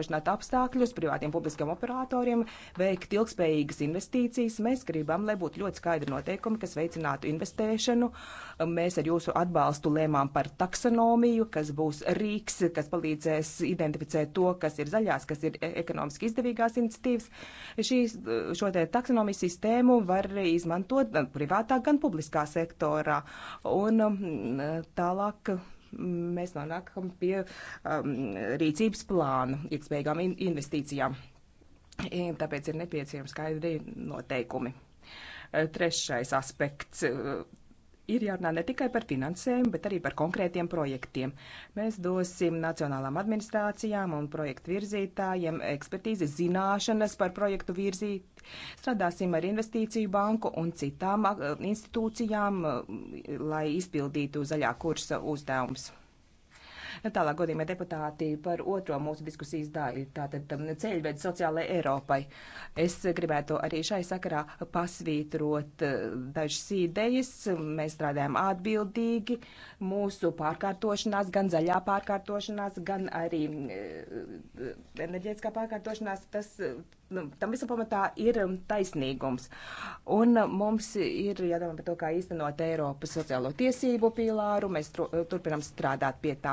nodrošināt apstākļus privātiem publiskiem operatoriem, veikt ilgspējīgas investīcijas. Mēs gribam, lai būtu ļoti skaidri noteikumi, kas veicinātu investēšanu. Mēs ar jūsu atbalstu lēmām par taksonomiju, kas būs rīks, kas palīdzēs identificēt to, kas ir zaļās, kas ir e, ekonomiski izdevīgās iniciatīvas. Šīs, šo te taksonomijas sistēmu var izmantot gan privātā, gan publiskā sektorā. Un mm, tālāk mēs nonākam pie um, rīcības plāna ilgspējīgām investīcijām. Tāpēc ir nepieciešami skaidri noteikumi. Trešais aspekts ir jārunā ne tikai par finansējumu, bet arī par konkrētiem projektiem. Mēs dosim nacionālām administrācijām un projektu virzītājiem ekspertīzi zināšanas par projektu virzīt. Strādāsim ar investīciju banku un citām institūcijām, lai izpildītu zaļā kursa uzdevumus. Tālāk, godījumie deputāti, par otro mūsu diskusijas daļu, tātad um, ceļvedi sociālajai Eiropai. Es gribētu arī šai sakarā pasvītrot uh, dažas idejas. Mēs strādājam atbildīgi mūsu pārkārtošanās, gan zaļā pārkārtošanās, gan arī uh, enerģētiskā pārkārtošanās. Tas Nu, tam visam pamatā ir um, taisnīgums. Un uh, mums ir jādomā par to, kā īstenot Eiropas sociālo tiesību pīlāru. Mēs uh, turpinām strādāt pie tā.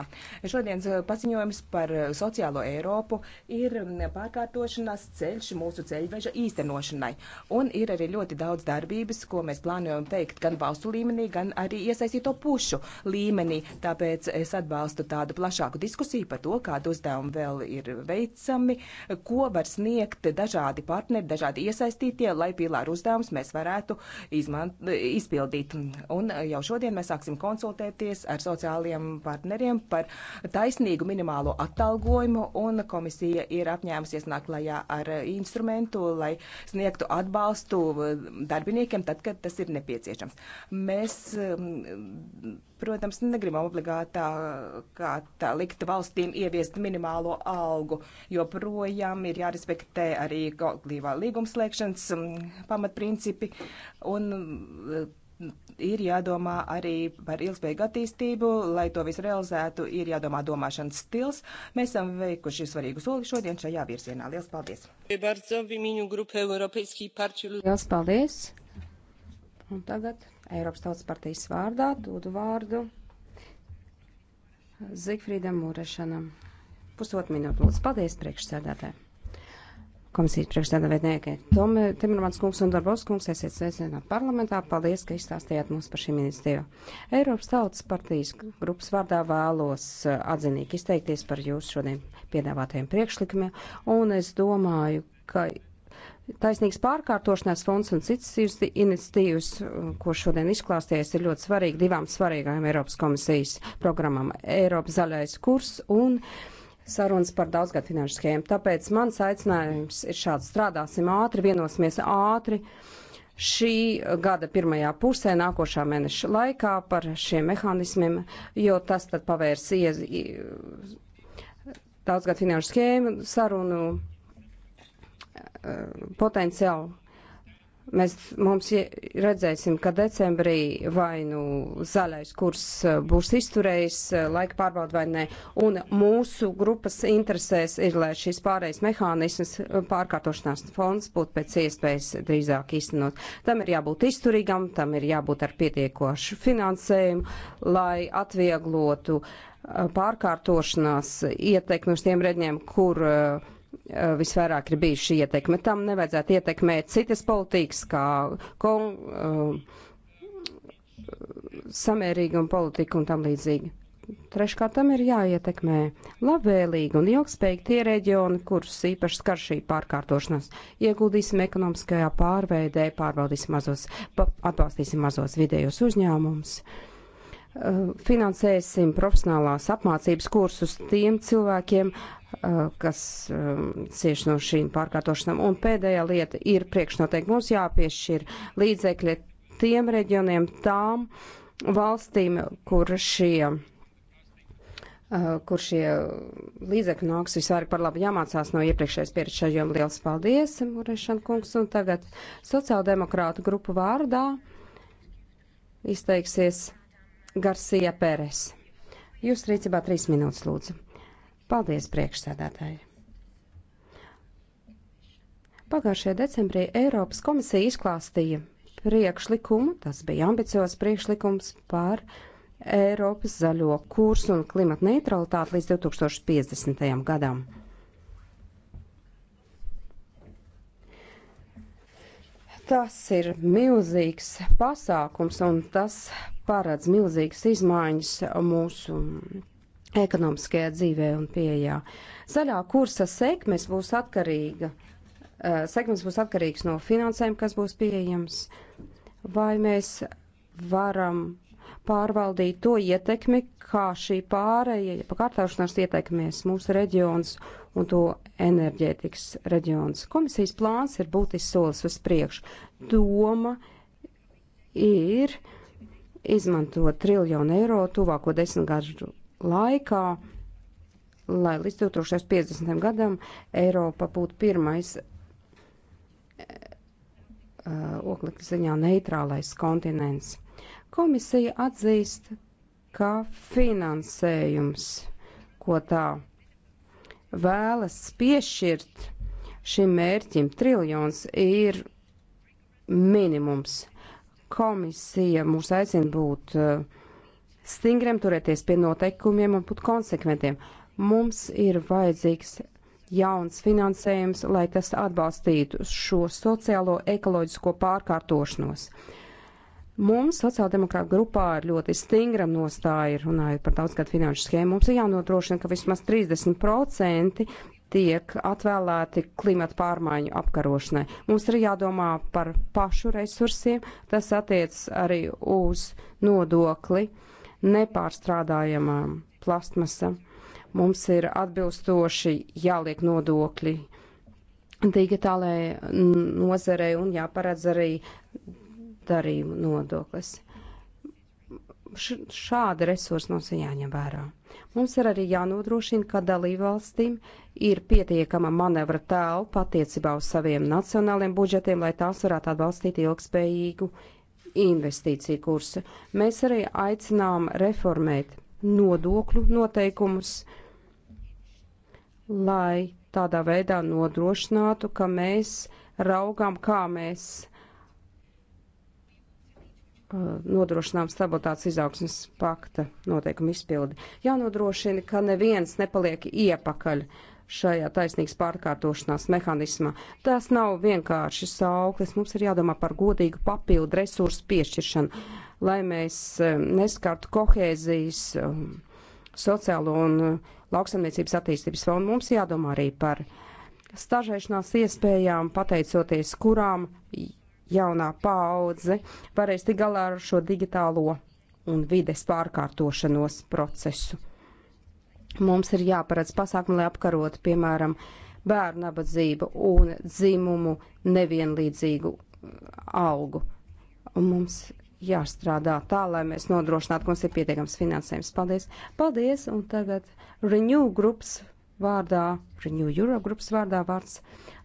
Šodienas uh, paziņojums par sociālo Eiropu ir um, pārkārtošanās ceļš mūsu ceļveža īstenošanai. Un ir arī ļoti daudz darbības, ko mēs plānojam teikt gan valstu līmenī, gan arī iesaistīto pušu līmenī. Tāpēc es atbalstu tādu plašāku diskusiju par to, kādu uzdevumu vēl ir veicami, ko var sniegt dažādi dažādi partneri, dažādi iesaistītie, lai pīlāru uzdevums mēs varētu izmant, izpildīt. Un jau šodien mēs sāksim konsultēties ar sociālajiem partneriem par taisnīgu minimālo atalgojumu, un komisija ir apņēmusies nākt klajā ar instrumentu, lai sniegtu atbalstu darbiniekiem tad, kad tas ir nepieciešams. Mēs, um, protams, negribam obligātā kā tā likt valstīm ieviest minimālo algu, jo projām ir jārespektē arī arī kolektīvā līgumslēgšanas um, pamatprincipi. Un um, ir jādomā arī par ilgspējīgu attīstību, lai to visu realizētu, ir jādomā domāšanas stils. Mēs esam veikuši svarīgu soli šodien šajā virzienā. Lielas paldies! Lielas paldies! Un tagad Eiropas Tautas partijas vārdā dodu vārdu Zigfrīdam Mūrešanam. Pusotru minūtu lūdzu. Paldies, priekšsēdētāji! komisijas priekšstādāvētnieki Tomi Timermans kungs un Darbos kungs, esiet sveicināti parlamentā. Paldies, ka izstāstījāt mums par šīm iniciatīvām. Eiropas Tautas partijas grupas vārdā vēlos eh, atzinīgi izteikties par jūsu šodien piedāvātajiem priekšlikumiem, un es domāju, ka taisnīgs pārkārtošanās fonds un citas iniciatīvas, ko šodien izklāstījies, ir ļoti svarīgi divām svarīgām Eiropas komisijas programmām - Eiropas zaļais kurs un. Uh, sarunas par daudzgad finanšu schēmu. Tāpēc mans aicinājums ir šāds. Strādāsim ātri, vienosimies ātri šī gada pirmajā pusē, nākošā mēneša laikā par šiem mehānismiem, jo tas tad pavērs iez, daudzgad finanšu schēmu sarunu eh, potenciālu Mēs mums redzēsim, ka decembrī vai nu zaļais kurs e, būs izturējis e, laika pārbaudu vai nē. Un mūsu grupas interesēs ir, lai šis pārējais mehānisms e, pārkārtošanās fonds būtu pēc iespējas drīzāk īstenot. Tam ir jābūt izturīgam, tam ir jābūt ar pietiekošu finansējumu, lai atvieglotu pārkārtošanās ietekmi uz tiem redņiem, kur uh, Eh, visvairāk ir bijusi šī ietekme. Tam nevajadzētu ietekmēt citas politikas, kā kon, uh, samērīga un politika un tam līdzīgi. Treškārt tam ir jāietekmē labvēlīgi un ilgspējīgi tie reģioni, kurus īpaši skar šī pārkārtošanās. Ieguldīsim ekonomiskajā pārveidē, pārbaudīsim mazos, atbalstīsim mazos vidējos uzņēmumus eh, finansēsim profesionālās apmācības kursus tiem cilvēkiem, Eh, kas eh, cieš no šīm pārkārtošanām. Un pēdējā lieta ir priekšnoteikti. Mums jāpiešķir līdzekļi tiem reģioniem, tām valstīm, kur šie, eh, kur šie līdzekļi nāks visvairāk par labu jāmācās no iepriekšējais pieredzes šajom. Liels paldies, Murešana kungs, un tagad sociāldemokrātu grupu vārdā izteiksies Garcia Pērēs. Jūs rīcībā trīs minūtes lūdzu. Paldies, priekšsēdētāji! Pagājušajā decembrī Eiropas komisija izklāstīja priekšlikumu, tas bija ambiciozs priekšlikums par Eiropas zaļo kursu un klimata neutralitāti līdz 2050. gadam. Tas ir milzīgs pasākums un tas paredz milzīgas izmaiņas mūsu ekonomiskajā dzīvē un pieejā. Zaļā kursa sekmes būs atkarīga. Eh, sekmes būs atkarīgs no finansēm, kas būs pieejams, vai mēs varam pārvaldīt to ietekmi, kā šī pārēja, ja pakārtāšanās ietekmēs mūsu reģions un to enerģētikas reģions. Komisijas plāns ir būtisks solis uz priekšu. Doma ir izmantot triljonu eiro tuvāko desmitgažu laikā, lai līdz 2050. gadam Eiropa būtu pirmais eh, oglekļa ziņā neitrālais kontinents. Komisija atzīst, ka finansējums, ko tā vēlas piešķirt šim mērķim, triljons ir minimums. Komisija mūs aicina būt uh, stingriem, turēties pie noteikumiem un būt konsekventiem. Mums ir vajadzīgs jauns finansējums, lai tas atbalstītu šo sociālo ekoloģisko pārkārtošanos. Mums sociāldemokrāta grupā ir ļoti stingra nostāja, runājot par daudzgadu finanšu schēmu. Mums ir jānodrošina, ka vismaz 30% tiek atvēlēti klimata pārmaiņu apkarošanai. Mums ir jādomā par pašu resursiem, tas attiec arī uz nodokli. Uh, nepārstrādājamā plastmasa. Mums ir atbilstoši jāliek nodokļi digitālajai nozarei un jāparedz arī darījumu nodoklis. Šādi resursi mums ir jāņem vērā. Mums ir arī jānodrošina, ka dalībvalstīm ir pietiekama manevra telpa attiecībā uz saviem nacionāliem budžetiem, lai tās varētu atbalstīt ilgspējīgu investīciju kursu. Mēs arī aicinām reformēt nodokļu noteikumus, lai tādā veidā nodrošinātu, ka mēs raugām, kā mēs uh, nodrošinām stabilitātes izaugsmas pakta noteikumu izpildi. Jānodrošina, ka neviens nepaliek iepakaļ uh, šajā taisnīgas pārkārtošanās mehānismā. Tas nav vienkārši sauklis, mums ir jādomā par godīgu papildu resursu piešķiršanu, lai mēs eh, neskartu kohēzijas, um, sociālo un uh, lauksamniecības attīstības fondu. Mums jādomā arī par stažēšanās iespējām, pateicoties kurām jaunā paudze varēs tik galā ar šo digitālo un vides pārkārtošanos procesu. Mums ir jāparedz pasākumi, lai apkarotu, piemēram, bērnu nabadzību un dzimumu nevienlīdzīgu uh, algu. Un mums jāstrādā tā, lai mēs nodrošinātu, ka mums ir pietiekams finansējums. Paldies! Paldies! Un tagad Renew grupas vārdā, Renew Euro grupas vārdā vārds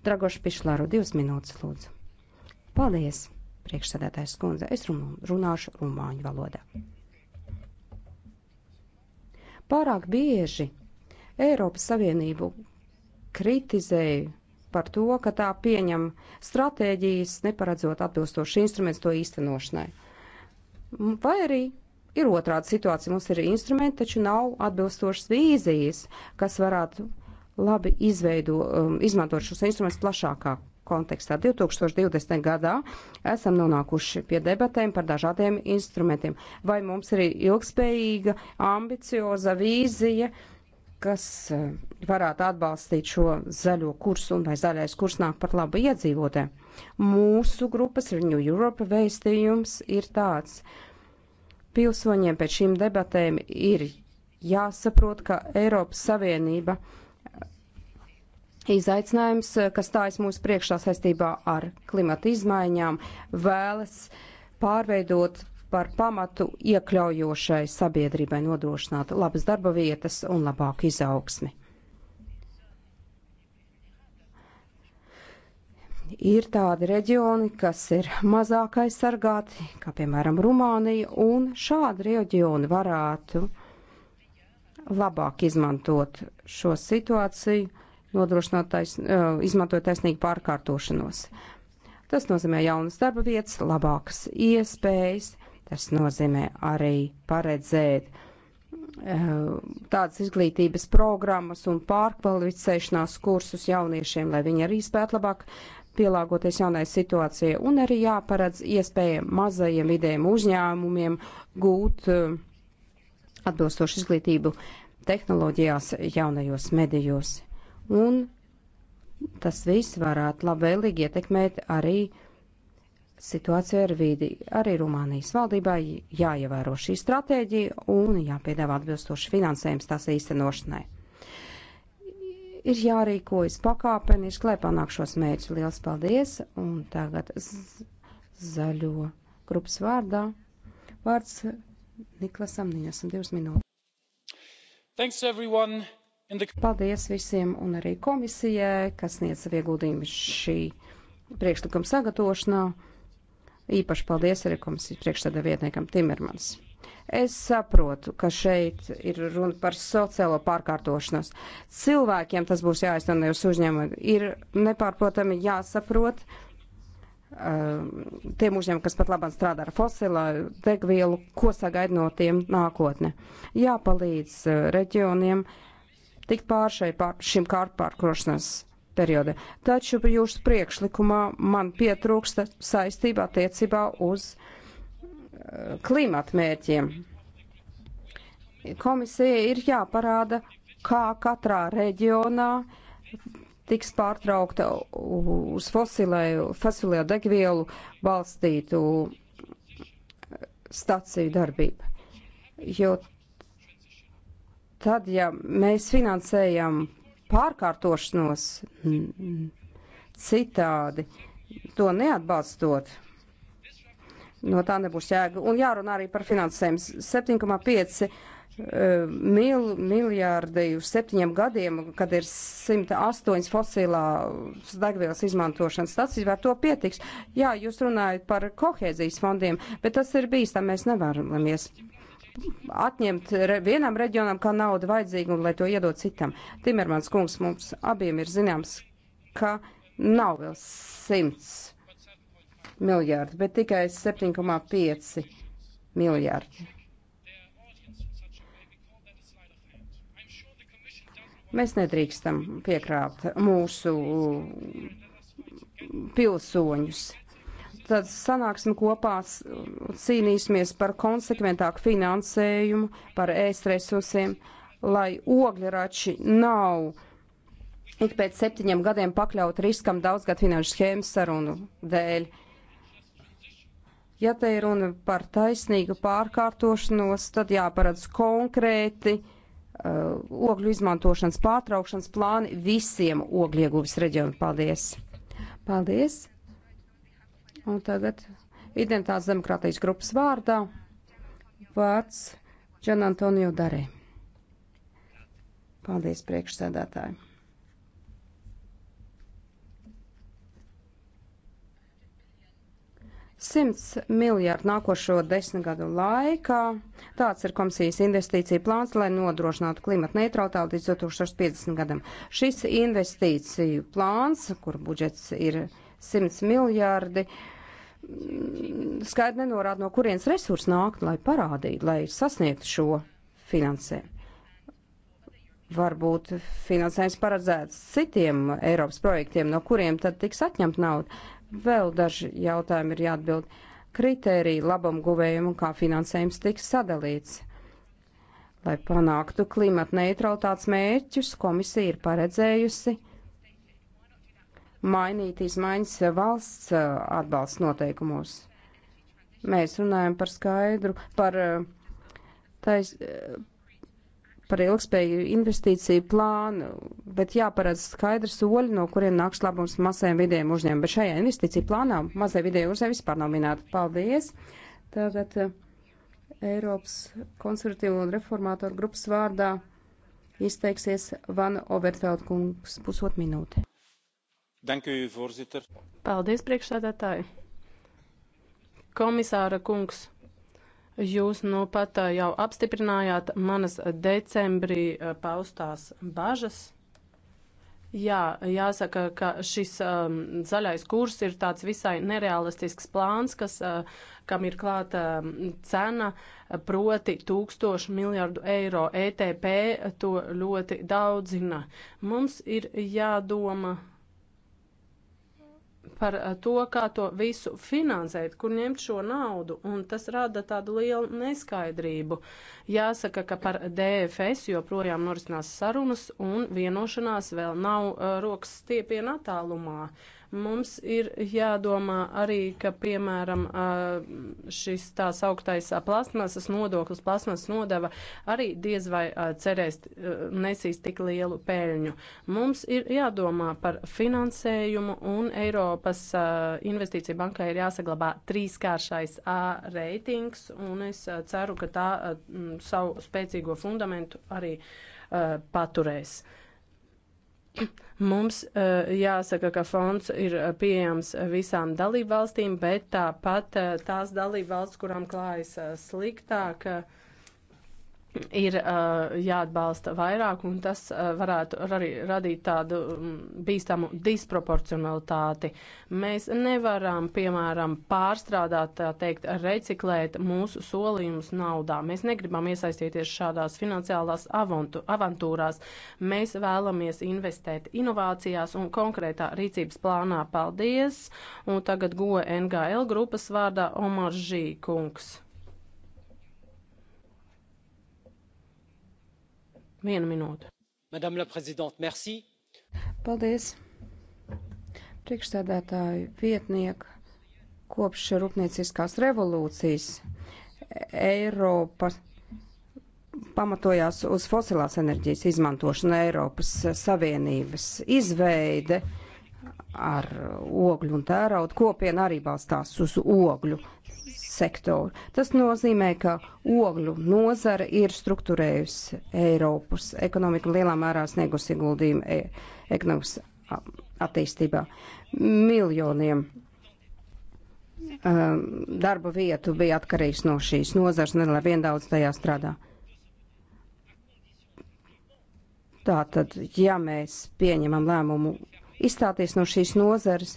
Dragoša Pišlāru. Divas minūtes, lūdzu. Paldies, priekšsēdētājs skundze. Es runāšu rumāņu valodā. Pārāk bieži Eiropas Savienību kritizēju par to, ka tā pieņem stratēģijas, neparedzot atbilstoši instruments to īstenošanai. Vai arī ir otrāda situācija, mums ir instrumenti, taču nav atbilstošas vīzijas, kas varētu labi izveido, um, izmantot šos instrumentus plašākā kontekstā. 2020. gadā esam nonākuši pie debatēm par dažādiem instrumentiem. Vai mums ir ilgspējīga, ambicioza vīzija, kas eh, varētu atbalstīt šo zaļo kursu un vai zaļais kurs nāk par labu iedzīvotē? Mūsu grupas Renew Europe vēstījums ir tāds. Pilsoņiem pēc šīm debatēm ir jāsaprot, ka Eiropas Savienība izaicinājums, eh, kas stājas mūsu priekšā saistībā ar klimata izmaiņām, vēlas pārveidot par pamatu iekļaujošai sabiedrībai nodrošināt labas darba vietas un labāku izaugsmi. Ir tādi reģioni, kas ir mazāk aizsargāti, kā piemēram Rumānija, un šādi reģioni varētu labāk izmantot šo situāciju nodrošinot tais, izmantojot taisnīgu pārkārtošanos. Tas nozīmē jaunas darba vietas, labākas iespējas, tas nozīmē arī paredzēt tādas izglītības programmas un pārkvalificēšanās kursus jauniešiem, lai viņi arī spētu labāk pielāgoties jaunai situācijai, un arī jāparedz iespēja mazajiem idejiem uzņēmumiem gūt atbilstošu izglītību tehnoloģijās jaunajos medijos un tas viss varētu labvēlīgi ietekmēt arī situāciju ar vīdi. Arī Rumānijas valdībai jāievēro šī stratēģija un jāpiedāvā atbilstoši finansējums tās īstenošanai. Ir jārīkojas pakāpeniski, lai panāk šos mērķus. Liels paldies! Un tagad zaļo grupas vārdā vārds Niklasam Nīņasam divas minūtes. Thanks everyone! Paldies visiem un arī komisijai, kas sniedz savu ieguldījumu šī priekšlikuma sagatavošanā. Īpaši paldies arī komisijas priekšstādā vietniekam Timermans. Es saprotu, ka šeit ir runa par sociālo pārkārtošanos. Cilvēkiem tas būs jāizteno jūs uzņēmumi. Ir nepārprotami jāsaprot uh, tiem uzņēmumiem, kas pat labāk strādā ar fosilā degvielu, ko sagaid no tiem nākotne. Jāpalīdz uh, reģioniem. Uh, tikt pār, šai, pār šim kārtpārkrošanas periodam. Taču jūsu priekšlikumā man pietrūksta saistība attiecībā uz eh, klimata mērķiem. Komisija ir jāparāda, kā katrā reģionā tiks pārtraukta uz fosilējo degvielu balstītu eh, staciju darbība. Jo Tad, ja mēs finansējam pārkārtošanos citādi, to neatbalstot, no tā nebūs jēga. Un jārunā arī par finansējumu. 7,5 eh, mil, miljārdi uz septiņiem gadiem, kad ir 108 fosilās degvielas izmantošanas stācijas, vai to pietiks? Jā, jūs runājat par kohēzijas fondiem, bet tas ir bīstam, mēs nevaram atņemt re, vienam reģionam, kā nauda vajadzīga, un lai to iedot citam. Timermans kungs mums abiem ir zināms, ka nav vēl 100 miljārdi, bet tikai 7,5 miljārdi. Mēs nedrīkstam piekrāpt mūsu pilsoņus tad sanāksim kopā, cīnīsimies par konsekventāku finansējumu, par ēst resursiem, lai ogļrači nav ik pēc septiņiem gadiem pakļaut riskam daudzgad finanšu schēmas sarunu dēļ. Ja te ir runa par taisnīgu pārkārtošanos, tad jāparedz konkrēti uh, ogļu izmantošanas pārtraukšanas plāni visiem oglieguvis reģionam. Paldies! Paldies! Un tagad identitātes demokrātijas grupas vārdā vārds Džan Antonio Darē. Paldies, priekšsēdētāji. Simts miljārdu nākošo desmit gadu laikā. Tāds ir komisijas investīcija plāns, lai nodrošinātu klimatu neutralitāti līdz 2050 gadam. Šis investīciju plāns, kur budžets ir 100 miljārdi. Mm, skaidri nenorāda, no kurienes resursi nāk, lai parādītu, lai sasniegtu šo finansējumu. Varbūt finansējums paredzēts citiem Eiropas projektiem, no kuriem tad tiks atņemt naudu. Vēl daži jautājumi ir jāatbild. Kritērija labam guvējumam, kā finansējums tiks sadalīts. Lai panāktu klimata neutralitātes mērķus, komisija ir paredzējusi mainīt izmaiņas valsts eh, atbalsts noteikumos. Mēs runājam par skaidru, par, eh, tais, eh, par ilgspēju investīciju plānu, bet jāparedz skaidrs soļi, no kuriem nāks labums mazajiem vidiem uzņēmumiem. Bet šajā investīciju plānā mazie vidēji uzņēmumi vispār nav minēti. Paldies! Tātad Eiropas konservatīvo un reformātoru grupas vārdā izteiksies Vana Overfeld kungs pusot minūte voorzitter. Paldies, priekšsēdētāji. Komisāra kungs, jūs nu pat eh, jau apstiprinājāt manas decembrī eh, paustās bažas. Jā, jāsaka, ka šis um, zaļais kurs ir tāds visai nerealistisks plāns, kas, uh, kam ir klāta um, cena, proti tūkstošu miljardu eiro. ETP to ļoti daudzina. Mums ir jādoma par eh, to, kā to visu finansēt, kur ņemt šo naudu, un tas rada tādu lielu neskaidrību. Jāsaka, ka par DFS joprojām norisinās sarunas, un vienošanās vēl nav uh, rokas stiepien attālumā. Uh, Mums ir jādomā arī, ka, piemēram, šis tās augtais plasmasas nodoklis, plasmasas nodeva arī diez vai cerēs nesīs tik lielu peļņu. Mums ir jādomā par finansējumu un Eiropas investīcija bankai ir jāsaglabā trīskāršais A reitings un es ceru, ka tā savu spēcīgo fundamentu arī paturēs. Mums uh, jāsaka, ka fonds ir eh, pieejams visām dalībvalstīm, bet tāpat uh, tās dalībvalsts, kurām klājas uh, sliktāk, uh, ir uh, jāatbalsta vairāk, un tas uh, varētu arī radīt tādu um, bīstamu disproporcionalitāti. Mēs nevaram, piemēram, pārstrādāt, tā teikt, reciklēt mūsu solījumus naudā. Mēs negribam iesaistīties šādās finansiālās avantu, avantūrās. Mēs vēlamies investēt inovācijās un konkrētā rīcības plānā. Paldies! Un tagad GOE NGL grupas vārdā Omar Žīkungs. Viena minūte. Madame la prezidente, merci. Paldies. Priekšstādātāju vietnieku kopš rūpnieciskās revolūcijas Eiropa pamatojās uz fosilās enerģijas izmantošanu Eiropas Savienības izveide ar ogļu un tērauda kopienu arī balstās uz ogļu sektoru. Tas nozīmē, ka ogļu nozara ir struktūrējusi Eiropas ekonomiku lielā mērā sniegus ieguldījumu e ekonomikas attīstībā. Miljoniem um, darba vietu bija atkarīgs no šīs nozars, nedēļā vien daudz tajā strādā. Tātad, ja mēs pieņemam lēmumu izstāties no šīs nozares,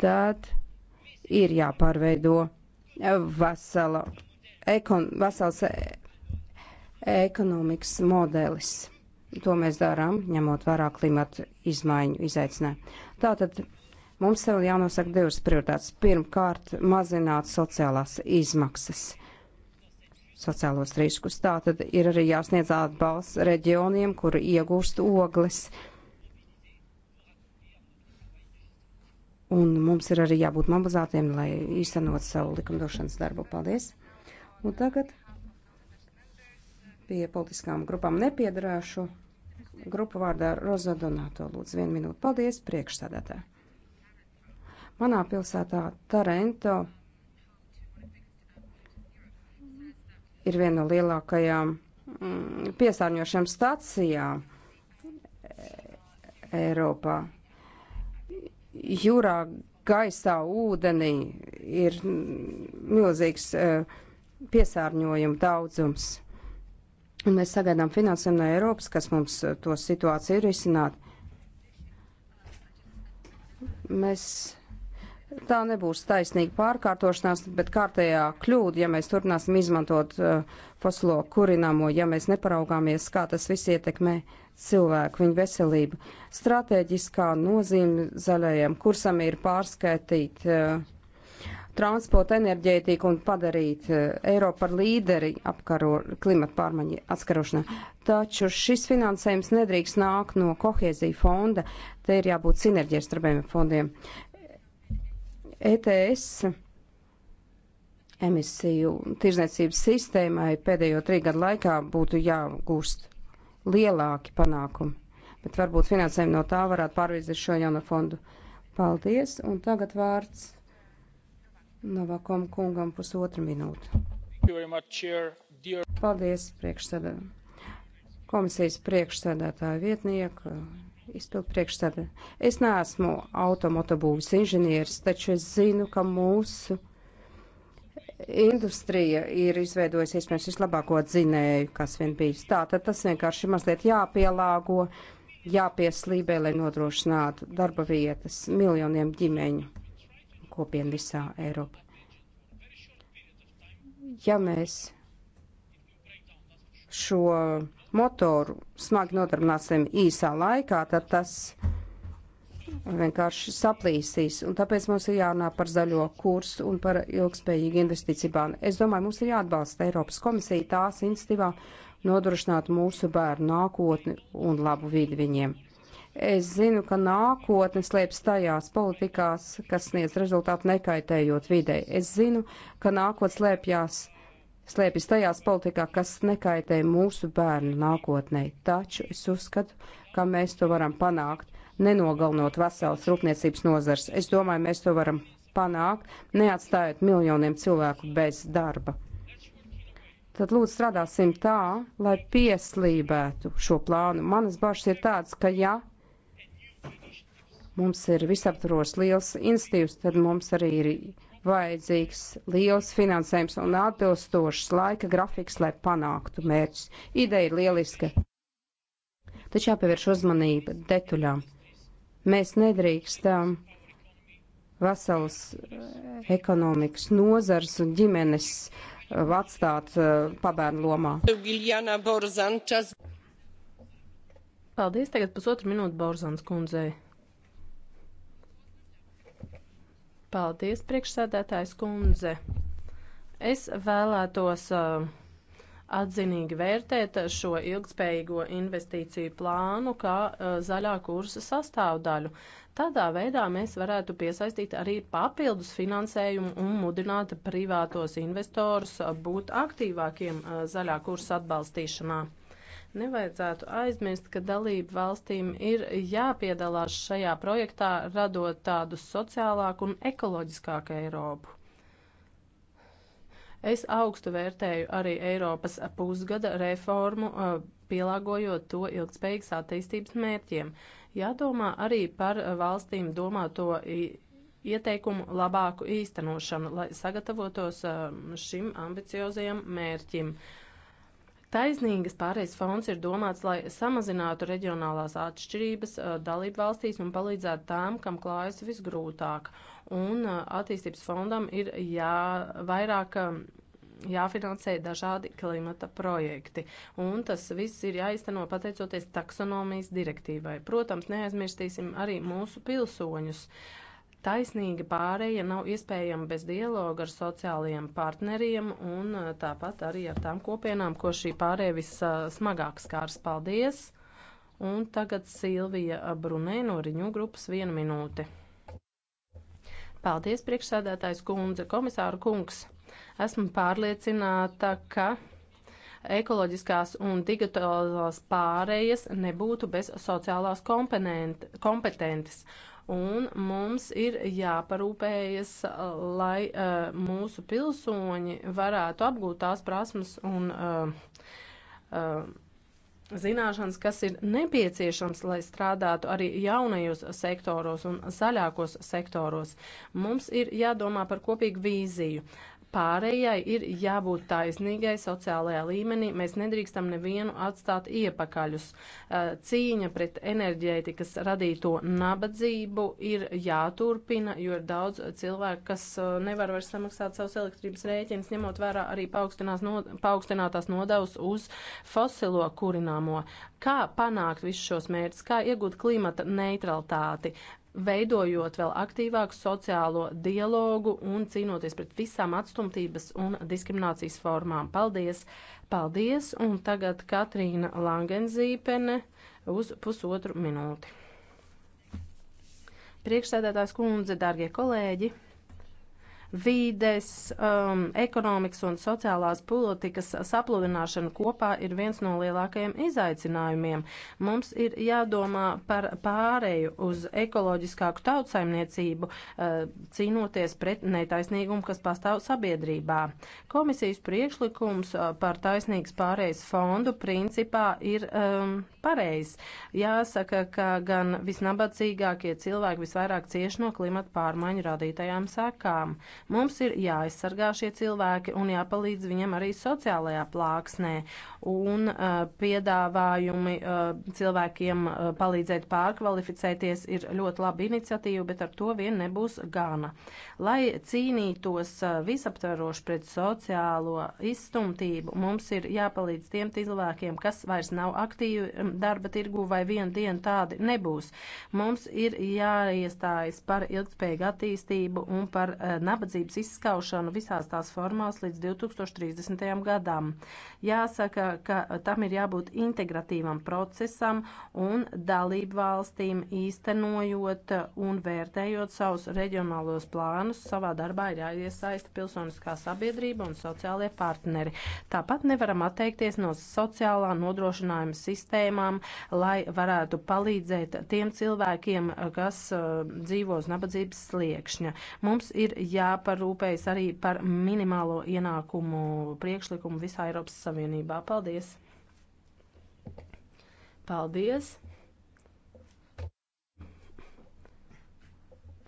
tad ir jāpārveido vesela, ekon, vesels e, ekonomikas modelis. To mēs darām, ņemot vērā klimatu izmaiņu izaicinājumu. Tātad mums vēl jānosaka divas prioritātes. Pirmkārt, mazināt sociālās izmaksas, sociālos riskus. Tātad ir arī jāsniedz atbalsts reģioniem, kuri iegūst ogles. Uh, Un mums ir arī jābūt mobilizētiem, lai īstenot savu likumdošanas darbu. Paldies! Un tagad pie politiskām grupām nepiedarāšu. Grupa vārdā Roza Donato, lūdzu, vienu minūtu. Paldies, priekšsādātā. Manā pilsētā Tarento ir viena no lielākajām mm, piesārņošām stacijām e, Eiropā jūrā, gaisā, ūdenī ir milzīgs uh, piesārņojuma daudzums. Un mēs sagaidām finansējumu no Eiropas, kas mums e, to situāciju risināt. Mēs Tā nebūs taisnīga pārkārtošanās, bet kārtējā kļūda, ja mēs turpināsim izmantot eh, fosilo kurināmo, ja mēs neparaugāmies, kā tas viss ietekmē cilvēku, viņu veselību. Stratēģiskā nozīme zaļajam kursam ir pārskaitīt eh, transporta enerģētiku un padarīt eh, Eiropu par līderi apkaro klimata pārmaiņu atskarošanā. Taču šis finansējums nedrīkst nākt no kohēzija fonda, te ir jābūt sinerģijas starpējiem fondiem. ETS emisiju tirzniecības sistēmai pēdējo trīs gadu laikā būtu jāgūst lielāki panākumi. Bet varbūt finansējumi no tā varētu pārvirzīt šo jauno fondu. Paldies, un tagad vārds Novakam kungam pusotru minūtu. Paldies, priekšsēdētāji. Komisijas priekšsēdētāja vietnieka, izpildu priekšsēdē. Es neesmu automotobūvis inženieris, taču es zinu, ka mūsu industrija ir izveidojusi iespējams vislabāko dzinēju, kas vien bijis. Tā tad tas vienkārši mazliet jāpielāgo, jāpieslībē, lai nodrošinātu darba vietas miljoniem ģimeņu kopien visā Eiropā. Ja mēs šo motoru smagi nodarbināsim īsā laikā, tad tas vienkārši saplīsīs. Un tāpēc mums ir jārunā par zaļo kursu un par ilgspējīgu investīciju bānu. Es domāju, mums ir jāatbalsta Eiropas komisija tās institīvā nodrošināt mūsu bērnu nākotni un labu vidi viņiem. Es zinu, ka nākotne slēpjas tajās politikās, kas sniedz rezultātu nekaitējot videi. Es zinu, ka nākotne slēpjas slēpjas tajās politikā, kas nekaitē mūsu bērnu nākotnē. Taču es uzskatu, ka mēs to varam panākt, nenogalnot veselas rūpniecības nozars. Es domāju, mēs to varam panākt, neatstājot miljoniem cilvēku bez darba. Tad lūdzu strādāsim tā, lai pieslībētu šo plānu. Manas bažas ir tādas, ka ja mums ir visaptvaros liels institīvs, tad mums arī ir vajadzīgs liels finansējums un atbilstošs laika grafiks, lai panāktu mērķus. Ideja ir lieliska, taču jāpievērš uzmanība detuļām. Mēs nedrīkstam vesels eh, ekonomikas nozars un ģimenes eh, atstāt eh, pabērnu lomā. Paldies, tagad pusotru minūtu Borzans kundzei. Paldies, priekšsēdētājs kundze. Es vēlētos uh, atzinīgi vērtēt šo ilgspējīgo investīciju plānu kā uh, zaļā kursa sastāvdaļu. Tādā veidā mēs varētu piesaistīt arī papildus finansējumu un mudināt privātos investorus uh, būt aktīvākiem uh, zaļā kursa atbalstīšanā. Nevajadzētu aizmirst, ka dalību valstīm ir jāpiedalās šajā projektā, radot tādu sociālāku un ekoloģiskāku Eiropu. Es augstu vērtēju arī Eiropas pusgada reformu, eh, pielāgojot to ilgspējīgas attīstības mērķiem. Jādomā arī par valstīm domāto ieteikumu labāku īstenošanu, lai sagatavotos eh, šim ambiciozajam mērķim. Uh, Taisnīgas pārējais fonds ir domāts, lai samazinātu reģionālās atšķirības uh, dalību valstīs un palīdzētu tām, kam klājas visgrūtāk. Un uh, attīstības fondam ir jā, vairāk um, jāfinansē dažādi klimata projekti. Un tas viss ir jāizteno pateicoties taksonomijas direktīvai. Protams, neaizmirstīsim arī mūsu pilsoņus. Uh, Taisnīga pārēja nav iespējama bez dialoga ar sociālajiem partneriem un eh, tāpat arī ar tām kopienām, ko šī pārēja vissmagāk skārs. Paldies! Un tagad Silvija Brunē no Riņu grupas viena minūte. Paldies, priekšsēdētājs kundze, komisāru kungs. Esmu pārliecināta, ka ekoloģiskās un digitālās pārējas nebūtu bez sociālās kompetentes un mums ir jāparūpējas, lai uh, mūsu pilsoņi varētu apgūt tās prasmes un uh, uh, zināšanas, kas ir nepieciešams, lai strādātu arī jaunajos sektoros un zaļākos sektoros. Mums ir jādomā par kopīgu vīziju pārējai ir jābūt taisnīgai sociālajā līmenī. Mēs nedrīkstam nevienu atstāt iepakaļus. Cīņa pret enerģētikas radīto nabadzību ir jāturpina, jo ir daudz cilvēku, kas nevar vairs samaksāt savus elektrības rēķinus, ņemot vērā arī no, paaugstinātās nodevas uz fosilo kurināmo. Kā panākt visus šos mērķus, kā iegūt klimata neutralitāti? veidojot vēl aktīvāku sociālo dialogu un cīnoties pret visām atstumtības un diskriminācijas formām. Paldies! Paldies! Un tagad Katrīna Langenzīpene uz pusotru minūti. Priekšsēdētājs kundze, dārgie kolēģi! Vīdes, um, ekonomikas un sociālās politikas sapludināšana kopā ir viens no lielākajiem izaicinājumiem. Mums ir jādomā par pārēju uz ekoloģiskāku tautsaimniecību, uh, cīnoties pret netaisnīgumu, kas pastāv sabiedrībā. Komisijas priekšlikums uh, par taisnīgas pārējas fondu principā ir um, pareizs. Jāsaka, ka gan visnabadzīgākie cilvēki visvairāk cieši no klimata pārmaiņu radītajām sekām. Mums ir jāaizsargā šie cilvēki un jāpalīdz viņiem arī sociālajā plāksnē. Un uh, piedāvājumi uh, cilvēkiem uh, palīdzēt pārkvalificēties ir ļoti laba iniciatīva, bet ar to vien nebūs gana. Lai cīnītos uh, visaptveroši pret sociālo izstumtību, mums ir jāpalīdz tiem cilvēkiem, kas vairs nav aktīvi um, darba tirgu vai vienu dienu tādi nebūs. Mums ir jāiestājas par ilgspējīgu attīstību un par uh, nabadzību nabadzības izskaušanu visās tās formās līdz 2030. gadam. Jāsaka, ka tam ir jābūt integratīvam procesam un dalību valstīm īstenojot un vērtējot savus reģionālos plānus. Savā darbā ir jāiesaista pilsoniskā sabiedrība un sociālie partneri. Tāpat nevaram atteikties no sociālā nodrošinājuma sistēmām, lai varētu palīdzēt tiem cilvēkiem, kas uh, dzīvo uz nabadzības sliekšņa. Mums ir jā jāparūpējas arī par minimālo ienākumu priekšlikumu visā Eiropas Savienībā. Paldies! Paldies!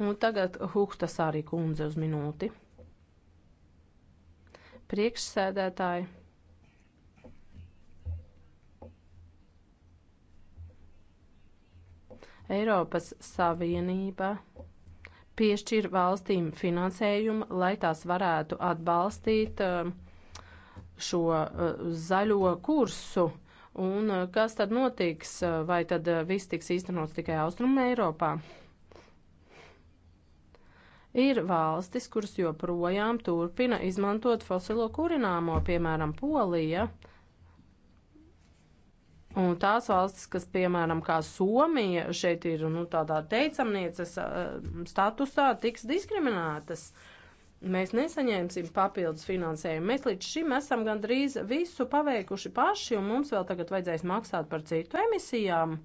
Un tagad Huktas arī kundze uz minūti. Priekšsēdētāji. Eiropas Savienība piešķir valstīm finansējumu, lai tās varētu atbalstīt eh, šo eh, zaļo kursu. Un eh, kas tad notiks? Vai tad viss tiks īstenots tikai Austrumē Eiropā? Ir valstis, kuras joprojām turpina izmantot fosilo kurināmo, piemēram, Polija. Uh, Un tās valstis, kas, piemēram, kā Somija, šeit ir nu, tādā teicamnieces eh, statusā, tiks diskriminētas. Mēs nesaņēmsim papildus finansējumu. Mēs līdz šim esam gandrīz visu paveikuši paši, un mums vēl tagad vajadzēs maksāt par citu emisijām.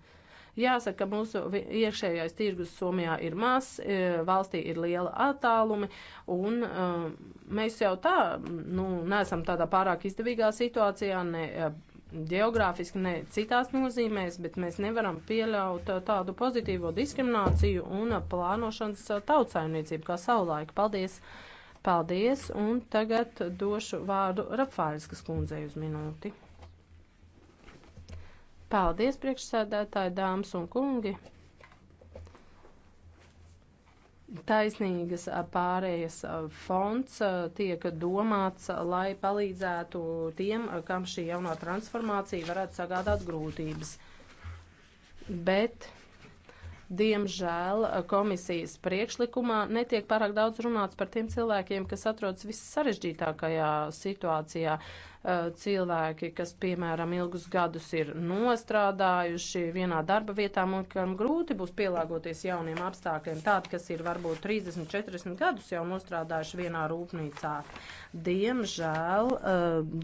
Jāsaka, ka mūsu iekšējais tirgus Somijā ir mazs, e, valstī ir liela attālumi, un e, mēs jau tā, nu, neesam tādā pārāk izdevīgā situācijā, ne e, geogrāfiski, ne citās nozīmēs, bet mēs nevaram pieļaut uh, tādu pozitīvo diskrimināciju un uh, plānošanas uh, tautsaimniecību kā savulaik. Paldies! Paldies! Un tagad došu vārdu Rafāriskas kundzei uz minūti. Paldies, priekšsēdētāji, dāmas un kungi! Taisnīgas pārējas fonds tiek domāts, lai palīdzētu tiem, kam šī jaunā transformācija varētu sagādāt grūtības. Bet, diemžēl, komisijas priekšlikumā netiek pārāk daudz runāts par tiem cilvēkiem, kas atrodas vissarežģītākajā situācijā. Uh, cilvēki, kas, piemēram, ilgus gadus ir nostrādājuši vienā darba vietā, un kam grūti būs pielāgoties jauniem apstākļiem, tādi, kas ir varbūt 30, 40 gadus jau nostrādājuši vienā rūpnīcā. Diemžēl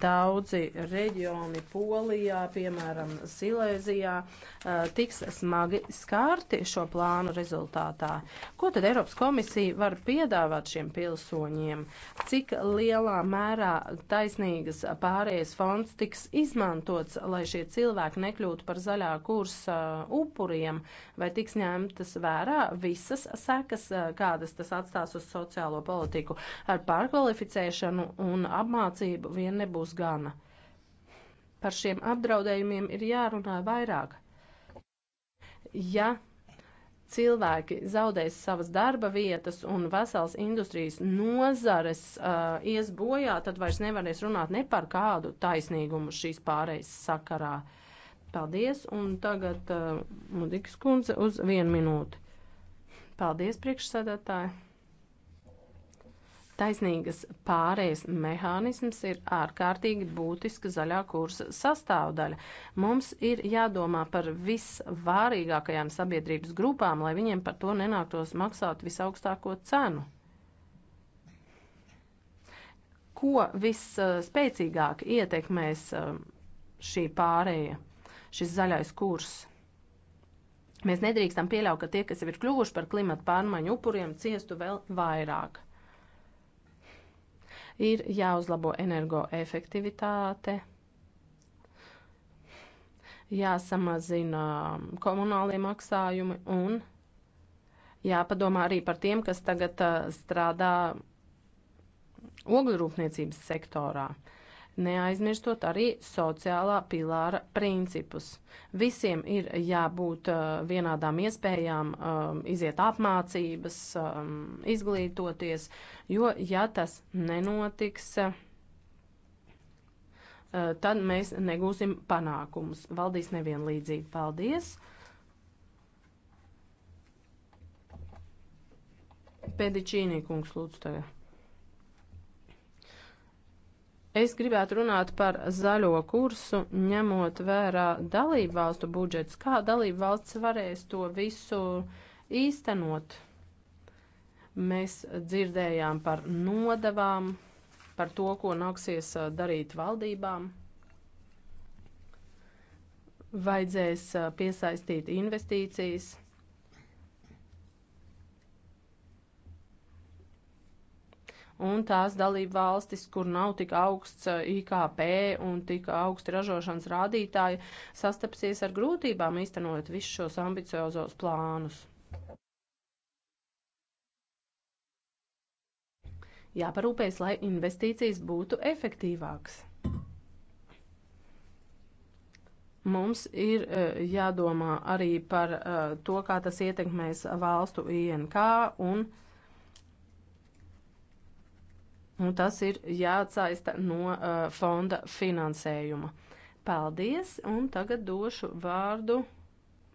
daudzi reģioni Polijā, piemēram, Silēzijā, tiks smagi skārti šo plānu rezultātā. Ko tad Eiropas komisija var piedāvāt šiem pilsoņiem? Cik lielā mērā taisnīgas pārējais fonds tiks izmantots, lai šie cilvēki nekļūtu par zaļā kursa uh, upuriem, vai tiks ņemtas vērā visas sekas, uh, kādas tas atstās uz sociālo politiku. Ar pārkvalificēšanu un apmācību vien nebūs gana. Par šiem apdraudējumiem ir jārunā vairāk. Ja cilvēki zaudēs savas darba vietas un vesels industrijas nozares uh, ies bojā, tad vairs nevarēs runāt ne par kādu taisnīgumu šīs pārējas sakarā. Paldies, un tagad uh, Mudikas kundze uz vienu minūti. Paldies, priekšsēdētāji! Taisnīgas pārējas mehānisms ir ārkārtīgi būtiska zaļā kursa sastāvdaļa. Mums ir jādomā par visvārīgākajām sabiedrības grupām, lai viņiem par to nenāktos maksāt visaugstāko cenu. Ko visspēcīgāk ietekmēs eh, šī pārēja, šis zaļais kurs? Mēs nedrīkstam pieļaut, ka tie, kas jau ir kļuvuši par klimatu pārmaiņu upuriem, ciestu vēl vairāk. Ir jāuzlabo energoefektivitāte, jāsamazina komunālie maksājumi un jāpadomā arī par tiem, kas tagad strādā ogļu rūpniecības sektorā. Uh, neaizmirstot arī sociālā pilāra principus. Visiem ir jābūt uh, vienādām iespējām um, iziet apmācības, um, izglītoties, jo ja tas nenotiks, uh, tad mēs negūsim panākumus. Valdīs nevienlīdzība. Paldies! Pēdiķīnī kungs lūdzu tagad. Es gribētu runāt par zaļo kursu, ņemot vērā dalību valstu budžets. Kā dalību valsts varēs to visu īstenot? Mēs dzirdējām par nodavām, par to, ko nāksies darīt valdībām. Vajadzēs piesaistīt investīcijas. un tās dalību valstis, kur nav tik augsts eh, IKP un tik augsti ražošanas rādītāji, sastapsies ar grūtībām īstenojot visus šos ambiciozos plānus. Jāparūpējas, lai investīcijas būtu efektīvākas. Mums ir eh, jādomā arī par eh, to, kā tas ietekmēs valstu INK un uh, un tas ir jāatsaista no uh, fonda finansējuma. Paldies, un tagad došu vārdu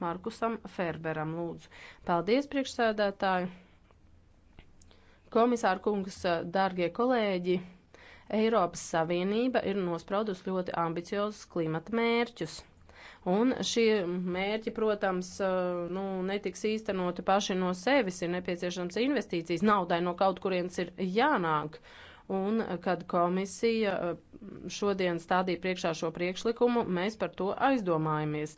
Markusam Ferberam, lūdzu. Paldies, priekšsēdētāji! Komisāra kungs, uh, dārgie kolēģi! Eiropas Savienība ir nospraudusi ļoti ambiciozus klimata mērķus. Un šie mērķi, protams, uh, nu, netiks īstenoti paši no sevis, ir nepieciešams investīcijas, naudai no kaut kurienes ir jānāk. Uh, Un, eh, kad komisija eh, šodien stādīja priekšā šo priekšlikumu, mēs par to aizdomājamies.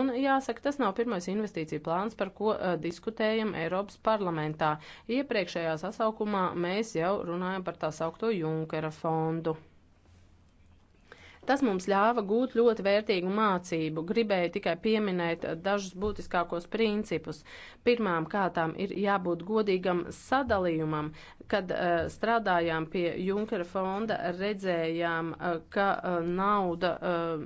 Un, jāsaka, tas nav pirmais investīcija plāns, par ko uh, diskutējam Eiropas parlamentā. Iepriekšējā sasaukumā mēs jau runājam par tā saukto Junkera fondu. Tas mums ļāva gūt ļoti vērtīgu mācību. Gribēju tikai pieminēt dažus būtiskākos principus. Pirmām kārtām ir jābūt godīgam sadalījumam. Kad uh, strādājām pie Junkera fonda, redzējām, uh, ka uh, nauda uh,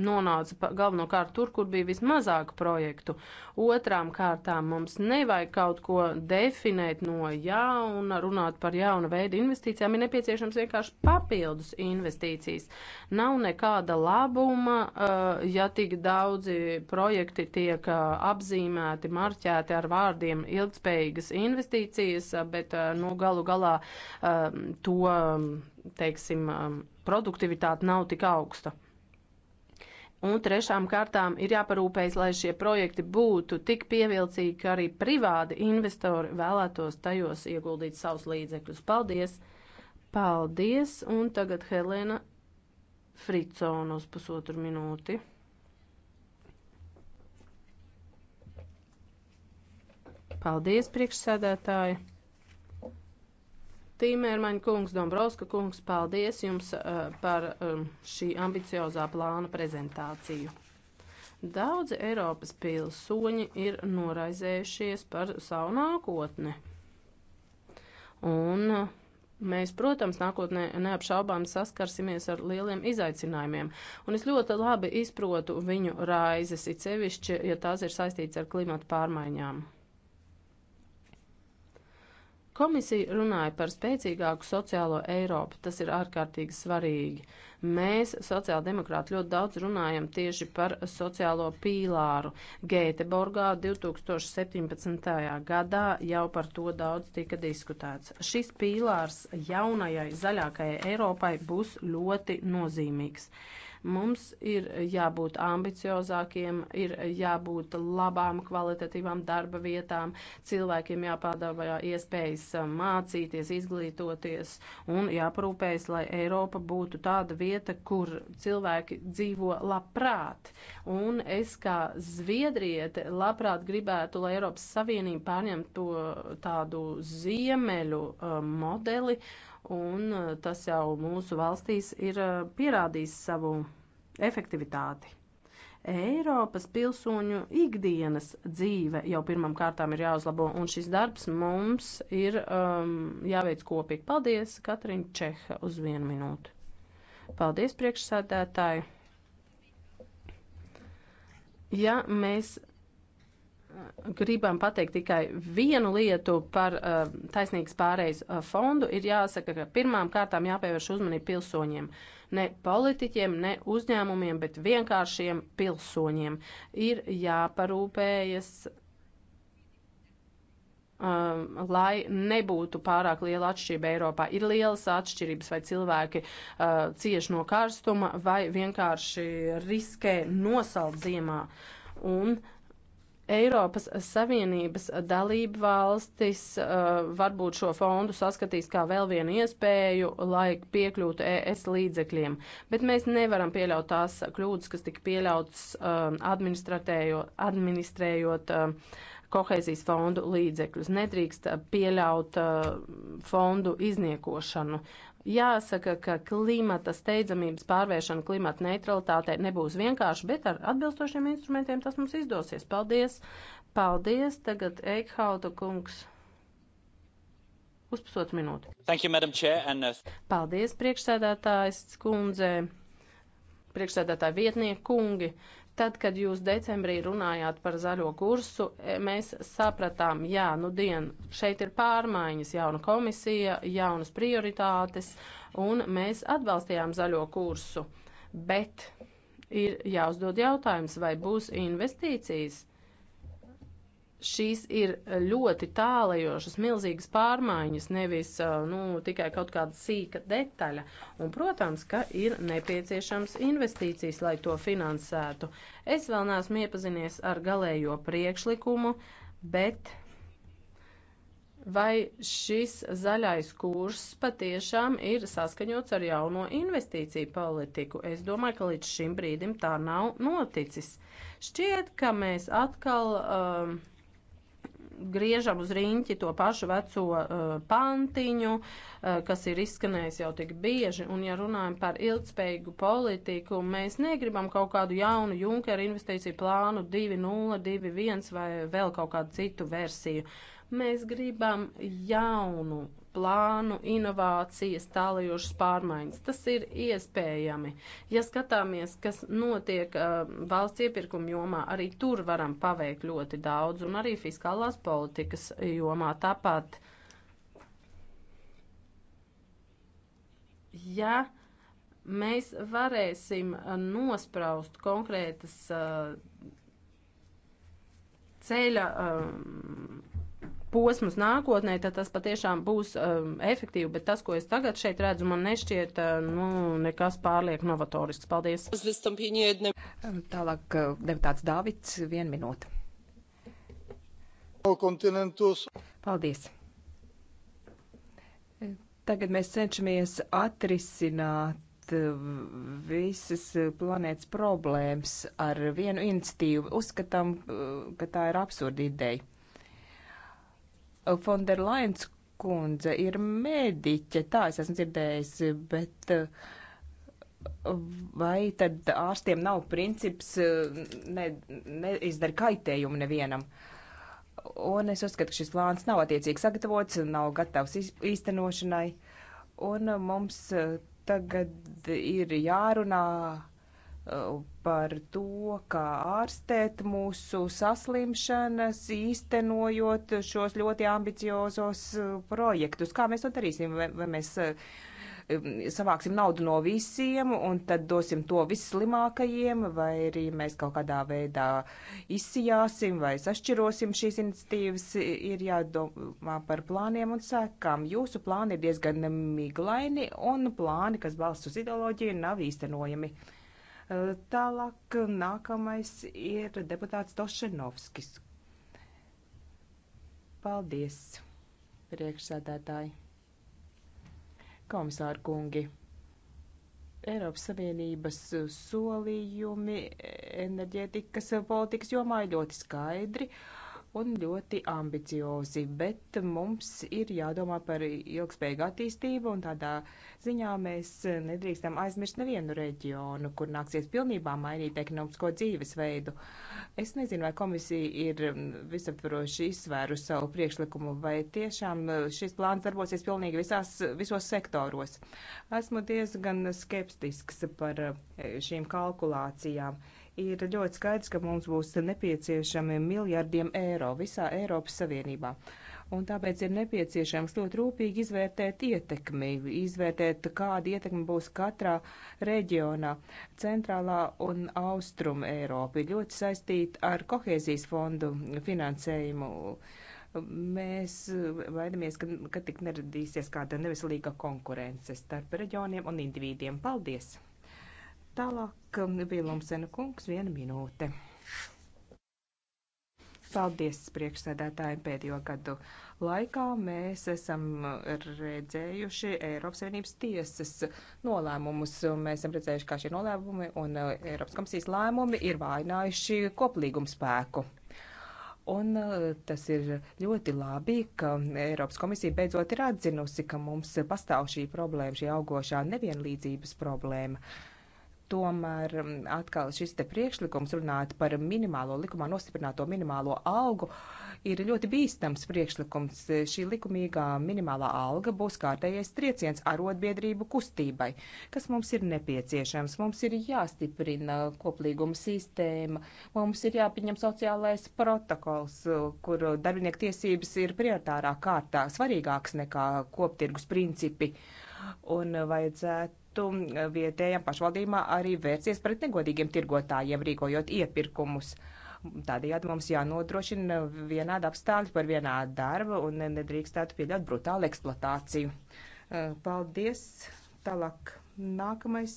nonāca galvenokārt tur, kur bija vismazāk projektu. Otrām kārtām mums nevajag kaut ko definēt no jauna, runāt par jaunu veidu investīcijām. Ir nepieciešams vienkārši papildus investīcijas. Nav nekāda labuma, eh, ja tik daudzi projekti tiek eh, apzīmēti, marķēti ar vārdiem ilgspējīgas investīcijas, eh, bet nu, galu galā to, mm, teiksim, produktivitāte nav tik augsta. Un trešām kārtām ir jāparūpējas, lai šie projekti būtu tik pievilcīgi, ka arī privāti investori vēlētos tajos ieguldīt savus līdzekļus. Paldies! Paldies! Un tagad Helēna Fricona uz pusotru minūti. Paldies, priekšsēdētāji! Tīmērmaņa kungs, Dombrovska kungs, paldies jums uh, par um, šī ambiciozā plāna prezentāciju. Daudzi Eiropas pilsoņi ir noraizējušies par savu nākotni. Un uh, Mēs, protams, nākotnē neapšaubām saskarsimies ar lieliem izaicinājumiem, un es ļoti labi izprotu viņu raizes, it sevišķi, ja tās ir saistīts ar klimatu pārmaiņām. Komisija runāja par spēcīgāku sociālo Eiropu. Tas ir ārkārtīgi svarīgi. Mēs, sociāldemokrāti, ļoti daudz runājam tieši par sociālo pīlāru. Gēteborgā 2017. gadā jau par to daudz tika diskutēts. Šis pīlārs jaunajai zaļākajai Eiropai būs ļoti nozīmīgs. Mums ir jābūt ambiciozākiem, ir jābūt labām kvalitatīvām darba vietām, cilvēkiem jāpādāvā iespējas mācīties, izglītoties un jāparūpējas, lai Eiropa būtu tāda vieta, kur cilvēki dzīvo labprāt. Un es kā zviedriete labprāt gribētu, lai Eiropas Savienība pārņemtu to tādu ziemeļu uh, modeli, uh, un eh, tas jau mūsu valstīs ir eh, pierādījis savu efektivitāti. Eiropas pilsoņu ikdienas dzīve jau pirmam kārtām ir jāuzlabo, un šis darbs mums ir um, jāveic kopīgi. Paldies, Katrina Čeha, uz vienu minūti. Paldies, priekšsēdētāji. Ja mēs gribam pateikt tikai vienu lietu par uh, taisnīgas pārējas uh, fondu, ir jāsaka, ka pirmām kārtām jāpievērš uzmanība pilsoņiem. Ne politiķiem, ne uzņēmumiem, bet vienkāršiem pilsoņiem ir jāparūpējas, uh, lai nebūtu pārāk liela atšķirība Eiropā. Ir lielas atšķirības, vai cilvēki uh, cieši no karstuma, vai vienkārši riskē nosalt ziemā. Un uh, Eiropas Savienības dalību valstis uh, varbūt šo fondu saskatīs kā vēl vienu iespēju, lai piekļūtu ES līdzekļiem, bet mēs nevaram pieļaut tās kļūdas, kas tika pieļautas uh, administrējot uh, kohēzijas fondu līdzekļus. Nedrīkst pieļaut uh, fondu izniekošanu. Jāsaka, ka klimata steidzamības pārvēršana klimata neutralitātei nebūs vienkārši, bet ar atbilstošiem instrumentiem tas mums izdosies. Paldies! Paldies! Tagad Eikhauta kungs. Uz pusotru minūti. Thank you, Madam Chair. And, uh... Paldies, priekšsēdētājs kundze, priekšsēdētāja vietnieku kungi. Uh, Tad, kad jūs decembrī runājāt par zaļo kursu, e, mēs sapratām, jā, nu dien, šeit ir pārmaiņas, jauna komisija, jaunas prioritātes, un mēs atbalstījām zaļo kursu. Bet ir jāuzdod jautājums, vai būs investīcijas šīs ir ļoti tālajošas, milzīgas pārmaiņas, nevis nu, tikai kaut kāda sīka detaļa. Un, protams, ka ir nepieciešams investīcijas, lai to finansētu. Es vēl neesmu iepazinies ar galējo priekšlikumu, bet vai šis zaļais kurs patiešām ir saskaņots ar jauno investīciju politiku. Es domāju, ka līdz šim brīdim tā nav noticis. Šķiet, ka mēs atkal. Uh, um, griežam uz riņķi to pašu veco uh, pantiņu, uh, kas ir izskanējis jau tik bieži. Un, ja runājam par ilgspējīgu politiku, mēs negribam kaut kādu jaunu Junkera investīciju plānu 2.0, 2.1 vai vēl kaut kādu citu versiju. Mēs gribam jaunu plānu, inovācijas, tālajošas pārmaiņas. Tas ir iespējami. Ja skatāmies, kas notiek uh, valsts iepirkuma jomā, arī tur varam paveikt ļoti daudz, un arī fiskālās politikas jomā tāpat. Ja mēs varēsim nospraust konkrētas uh, ceļa um, posmus nākotnē, tad tas patiešām būs um, efektīvi, bet tas, ko es tagad šeit redzu, man nešķiet, uh, nu, nekas pārliek novatorisks. Paldies. Um, tālāk uh, deputāts Dāvids, viena minūte. Kontinentus. Paldies. Tagad mēs cenšamies atrisināt uh, visas uh, planētas problēmas ar vienu iniciatīvu. Uzskatām, ka tā ir absurda ideja Fonderlains kundze ir mediķe, tā es esmu dzirdējusi, bet eh, vai tad ārstiem nav princips eh, ne, neizdara kaitējumu nevienam? Un es uzskatu, ka šis plāns nav attiecīgi sagatavots, nav gatavs īstenošanai, un mums eh, tagad ir jārunā Uh, par to, kā ārstēt mūsu saslimšanas, īstenojot šos ļoti ambiciozos uh, projektus. Kā mēs to darīsim? Vai, vai mēs uh, um, savāksim naudu no visiem un tad dosim to visslimākajiem, vai arī mēs kaut kādā veidā izsijāsim vai sašķirosim šīs iniciatīvas, ir jādomā par plāniem un sekām. Jūsu plāni ir diezgan miglaini un plāni, kas balsts uz ideoloģiju, nav īstenojami. Tālāk nākamais ir deputāts Tošenovskis. Paldies, priekšsēdētāji. Komisāra kungi. Eiropas Savienības solījumi enerģētikas politikas jomā ir ļoti skaidri. Uh, un ļoti ambiciozi, bet mums ir jādomā par ilgspējīgu attīstību, un tādā ziņā mēs nedrīkstam aizmirst nevienu reģionu, kur nāksies pilnībā mainīt ekonomisko dzīvesveidu. Es nezinu, vai komisija ir visaptvaroši izsvēru savu priekšlikumu, vai tiešām šis plāns darbosies pilnīgi visās, visos sektoros. Esmu diezgan skeptisks par šīm kalkulācijām ir ļoti skaidrs, ka mums būs nepieciešami miljardiem eiro visā Eiropas Savienībā. Un tāpēc ir nepieciešams ļoti rūpīgi izvērtēt ietekmi, izvērtēt, kāda ietekme būs katrā reģionā. Centrālā un austruma Eiropa ir ļoti saistīta ar kohēzijas fondu finansējumu mēs baidamies, ka, ka tik neradīsies kāda neveselīga konkurence starp reģioniem un individiem. Paldies! Tālāk um, bija Lomsena kungs viena minūte. Paldies priekšsēdētājiem pēdējo gadu laikā. Mēs esam redzējuši Eiropas Savienības tiesas nolēmumus. Mēs esam redzējuši, kā šie nolēmumi un uh, Eiropas komisijas lēmumi ir vājinājuši koplīgumu spēku. Un uh, tas ir ļoti labi, ka Eiropas komisija beidzot ir atzinusi, ka mums pastāv šī problēma, šī augošā nevienlīdzības problēma. Uh, Tomēr mm, atkal šis te priekšlikums runāt par minimālo likumā nostiprināto minimālo algu ir ļoti bīstams priekšlikums. Šī likumīgā minimālā alga būs kārtējais trieciens arotbiedrību kustībai, kas mums ir nepieciešams. Mums ir jāstiprina koplīguma sistēma, mums ir jāpieņem sociālais protokols, kur darbinieku tiesības ir prioritārā kārtā svarīgāks nekā koptirgus principi. Un vajadzētu vajadzētu eh, vietējām pašvaldībām arī vērsties pret negodīgiem tirgotājiem, rīkojot iepirkumus. Tādējādi mums jānodrošina vienāda apstākļa par vienādu darbu un nedrīkstētu pieļaut brutālu eksploatāciju. Eh, paldies! Tālāk nākamais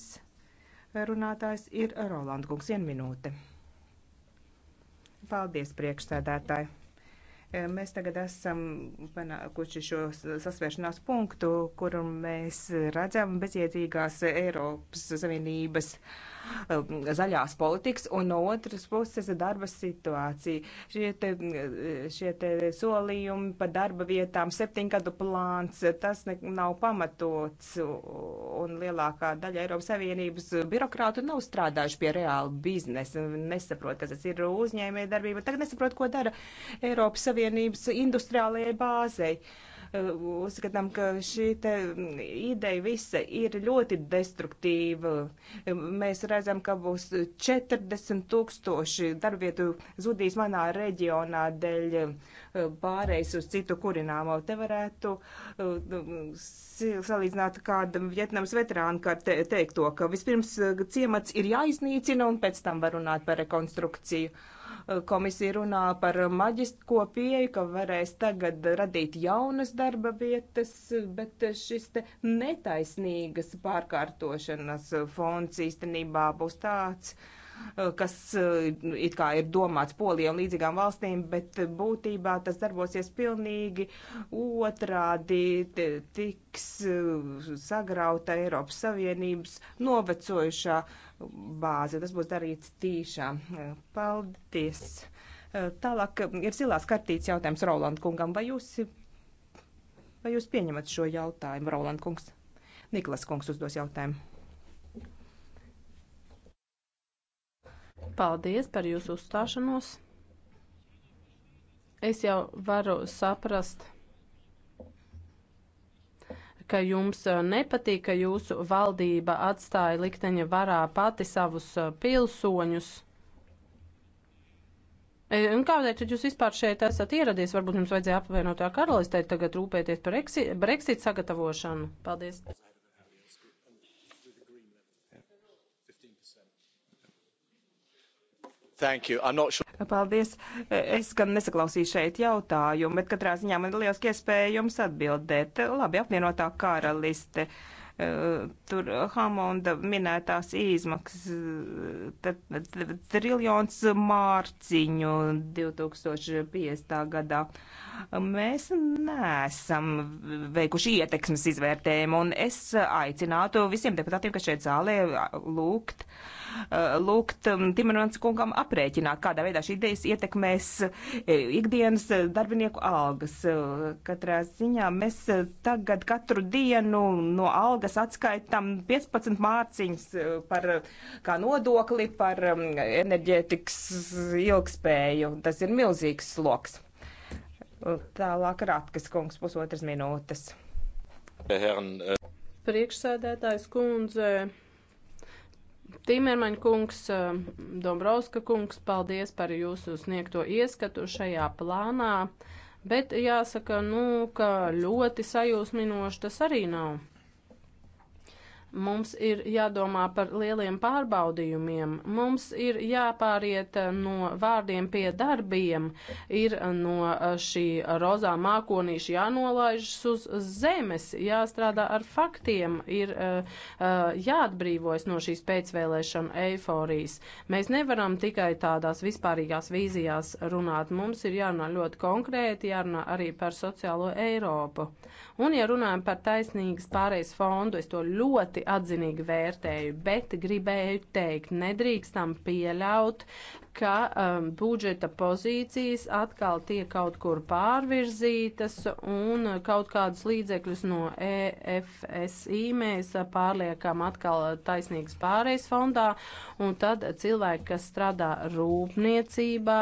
runātājs ir Roland Kungs. Vienu minūte. Paldies, priekšsēdētāji! Mēs tagad esam panākuši šo sasvēršanās punktu, kuru mēs redzam bezjēdzīgās Eiropas Savienības uh, Um, zaļās politikas, un no otras puses darba situācija. Šie te, uh, šie te solījumi par darba vietām, septiņgadu plāns, tas ne, nav pamatots, un lielākā daļa Eiropas Savienības birokrātu nav strādājuši pie reāla biznesa, nesaprot, kas tas ir uzņēmē darbība, tagad nesaprot, ko dara Eiropas Savienības industriālajai bāzei. Uh, uzskatām, ka šī ideja visa ir ļoti destruktīva. Mēs redzam, ka būs 40 tūkstoši darbvietu zudīs manā reģionā dēļ pārējais uz citu kurināmo. Te varētu salīdzināt kādam Vietnams veterānu, kā te, teikto, ka vispirms ciemats ir jāiznīcina un pēc tam var runāt par rekonstrukciju. Uh, Komisija runā par maģisko pieeju, ka varēs tagad radīt jaunas darba vietas, bet šis te netaisnīgas pārkārtošanas fonds īstenībā būs tāds, uh, kas eh, it kā ir domāts Polijai un līdzīgām valstīm, bet būtībā tas darbosies pilnīgi otrādi, tiks eh, sagrauta Eiropas Savienības novecojušā bāze. Tas būs darīts tīšām. Paldies! Eh, tālāk ir zilās kartītes jautājums Roland kungam. Vai jūs, vai jūs pieņemat šo jautājumu, Roland kungs? Niklas kungs uzdos jautājumu. Paldies par jūsu uzstāšanos. Es jau varu saprast, ka jums eh, nepatīk, ka jūsu valdība atstāja likteņa varā pati savus eh, pilsoņus. E, un kādēļ tad jūs vispār šeit esat ieradies? Varbūt jums vajadzēja apvienotā karalistē tagad rūpēties par Brexit sagatavošanu. Paldies! Sure... Paldies. Es gan nesaklausīju šeit jautājumu, bet katrā ziņā man ir liels iespēja jums atbildēt. Labi, apvienotā karaliste. Uh, Eh, tur Hamonda minētās izmaksas, eh, triljons mārciņu 2050. gadā. Mēs neesam veikuši ietekmes izvērtējumu, un es aicinātu visiem deputātiem, kas šeit zālē lūgt, eh, lūgt um, Timermans kungam aprēķināt, kādā veidā šī idejas ietekmēs ikdienas darbinieku algas. Katrā ziņā mēs tagad katru dienu no algas naudas atskaitam 15 mārciņas eh, par, eh, kā nodokli par um, enerģētikas ilgspēju. Tas ir milzīgs sloks. Tālāk Rātkas kungs pusotras minūtes. Eh, Priekšsēdētājs kundze, Timermaņa kungs, Dombrovska kungs, paldies par jūsu sniegto ieskatu šajā plānā, bet jāsaka, nu, ka ļoti sajūsminoši tas arī nav. Mums ir jādomā par lieliem pārbaudījumiem, mums ir jāpāriet eh, no vārdiem pie darbiem, ir eh, no eh, šī rozā mākonīša jānolaižas uz zemes, jāstrādā ar faktiem, ir jāatbrīvojas no šīs pēcvēlēšana eiforijas. Mēs nevaram tikai tādās vispārīgās vīzijās runāt, mums ir jārunā ļoti konkrēti, jārunā arī par sociālo Eiropu. Un, ja runājam par taisnīgas pārējas fondu, es to ļoti atzinīgi vērtēju, bet gribēju teikt, nedrīkstam pieļaut ka um, budžeta pozīcijas atkal tiek kaut kur pārvirzītas un kaut kādus līdzekļus no EFSI mēs pārliekam atkal taisnīgas pārējais fondā un tad cilvēki, kas strādā rūpniecībā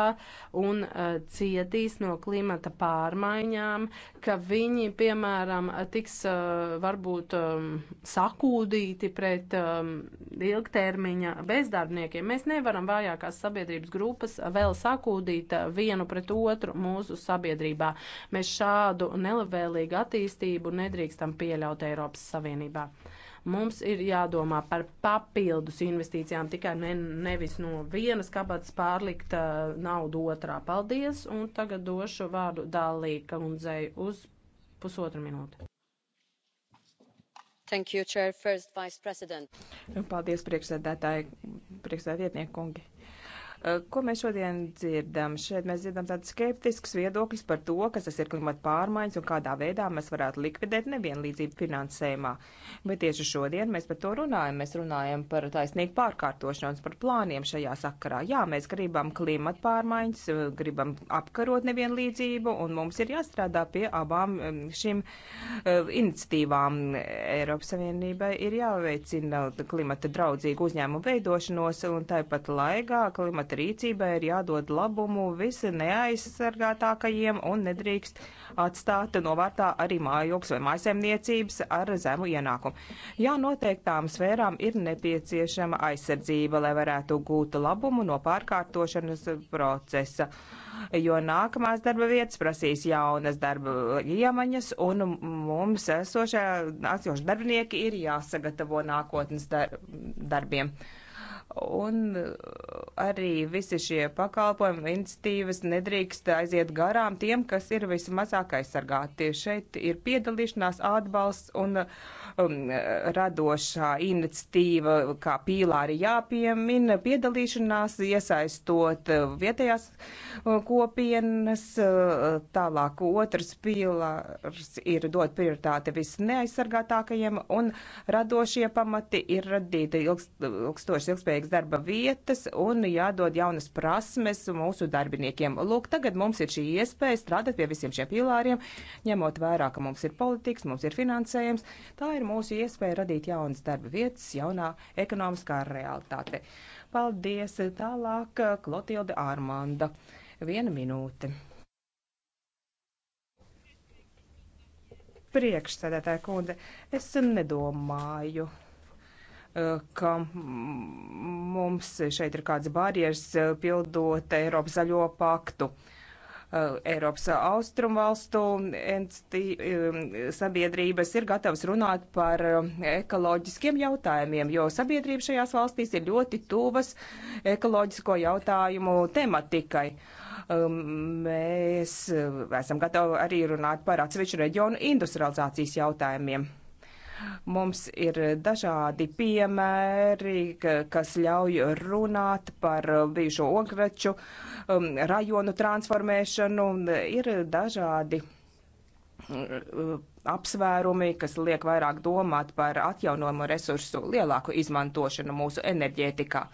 un uh, cietīs no klimata pārmaiņām, ka viņi, piemēram, tiks uh, varbūt um, sakūdīti pret um, ilgtermiņa bezdarbniekiem. Mēs nevaram vājākās sabiedrības vardarbības grupas vēl sakūdīt eh, vienu pret otru mūsu sabiedrībā. Mēs šādu nelabvēlīgu attīstību nedrīkstam pieļaut Eiropas Savienībā. Mums ir jādomā par papildus investīcijām, tikai ne, nevis no vienas kabatas pārlikt uh, naudu otrā. Paldies, un tagad došu vārdu Dālīka kundzei uz pusotru minūti. You, Chair, First, Paldies, priekšsēdētāji, priekšsēdētniekungi. Eh, ko mēs šodien dzirdam? Šeit mēs dzirdam tādu skeptisku viedokļus par to, kas tas ir klimata pārmaiņas un kādā veidā mēs varētu likvidēt nevienlīdzību finansējumā. Bet tieši šodien mēs par to runājam. Mēs runājam par taisnīgu pārkārtošanos, par plāniem šajā sakarā. Jā, mēs gribam klimata pārmaiņas, eh, gribam apkarot nevienlīdzību un mums ir jāstrādā pie abām šīm eh, iniciatīvām. Eiropas Savienībai ir jāveicina klimata draudzīgu uzņēmumu veidošanos un tāpat laikā klimata bet rīcībai ir jādod labumu visi neaizsargātākajiem un nedrīkst atstāt novārtā arī mājokļus vai mājasēmniecības ar zemu ienākumu. Jā, noteiktām sfērām ir nepieciešama aizsardzība, lai varētu gūt labumu no pārkārtošanas procesa, jo nākamās darba vietas prasīs jaunas darba iemaņas, un mums esošie, esošie darbinieki ir jāsagatavo nākotnes dar darbiem. Un uh, arī visi šie pakalpojumi, iniciatīvas nedrīkst aiziet garām tiem, kas ir vismazāk aizsargāti. Šeit ir piedalīšanās, atbalsts un uh, Um, radošā iniciatīva, kā pīlāri jāpiemina, piedalīšanās, iesaistot uh, vietējās uh, kopienas. Uh, tālāk otrs pīlārs ir dot prioritāti visneaizsargātākajiem, un radošie pamati ir radīti ilgstoši ilgspējīgas darba vietas un jādod jaunas prasmes mūsu darbiniekiem. Lūk, tagad mums ir šī iespēja strādāt pie visiem šiem pīlāriem, ņemot vērā, ka mums ir politikas, mums ir finansējums. Tā ir ir mūsu iespēja radīt jaunas darba vietas, jaunā ekonomiskā realitāte. Paldies! Tālāk Klotilde Ārmanda. Viena minūte. Priekšsēdētāja kundze, es nedomāju, eh, ka mums šeit ir kāds barjeras eh, pildot Eiropas zaļo paktu. Uh, Eh, Eiropas austrumvalstu eh, sabiedrības ir gatavas runāt par eh, ekoloģiskiem jautājumiem, jo sabiedrība šajās valstīs ir ļoti tuvas ekoloģisko jautājumu tematikai. Um, mēs esam gatavi arī runāt par atsevišķu reģionu industrializācijas jautājumiem. Mums ir dažādi piemēri, kas ļauj runāt par bijušo ogreču um, rajonu transformēšanu. Ir dažādi uh, apsvērumi, kas liek vairāk domāt par atjaunojumu resursu lielāku izmantošanu mūsu enerģētikā.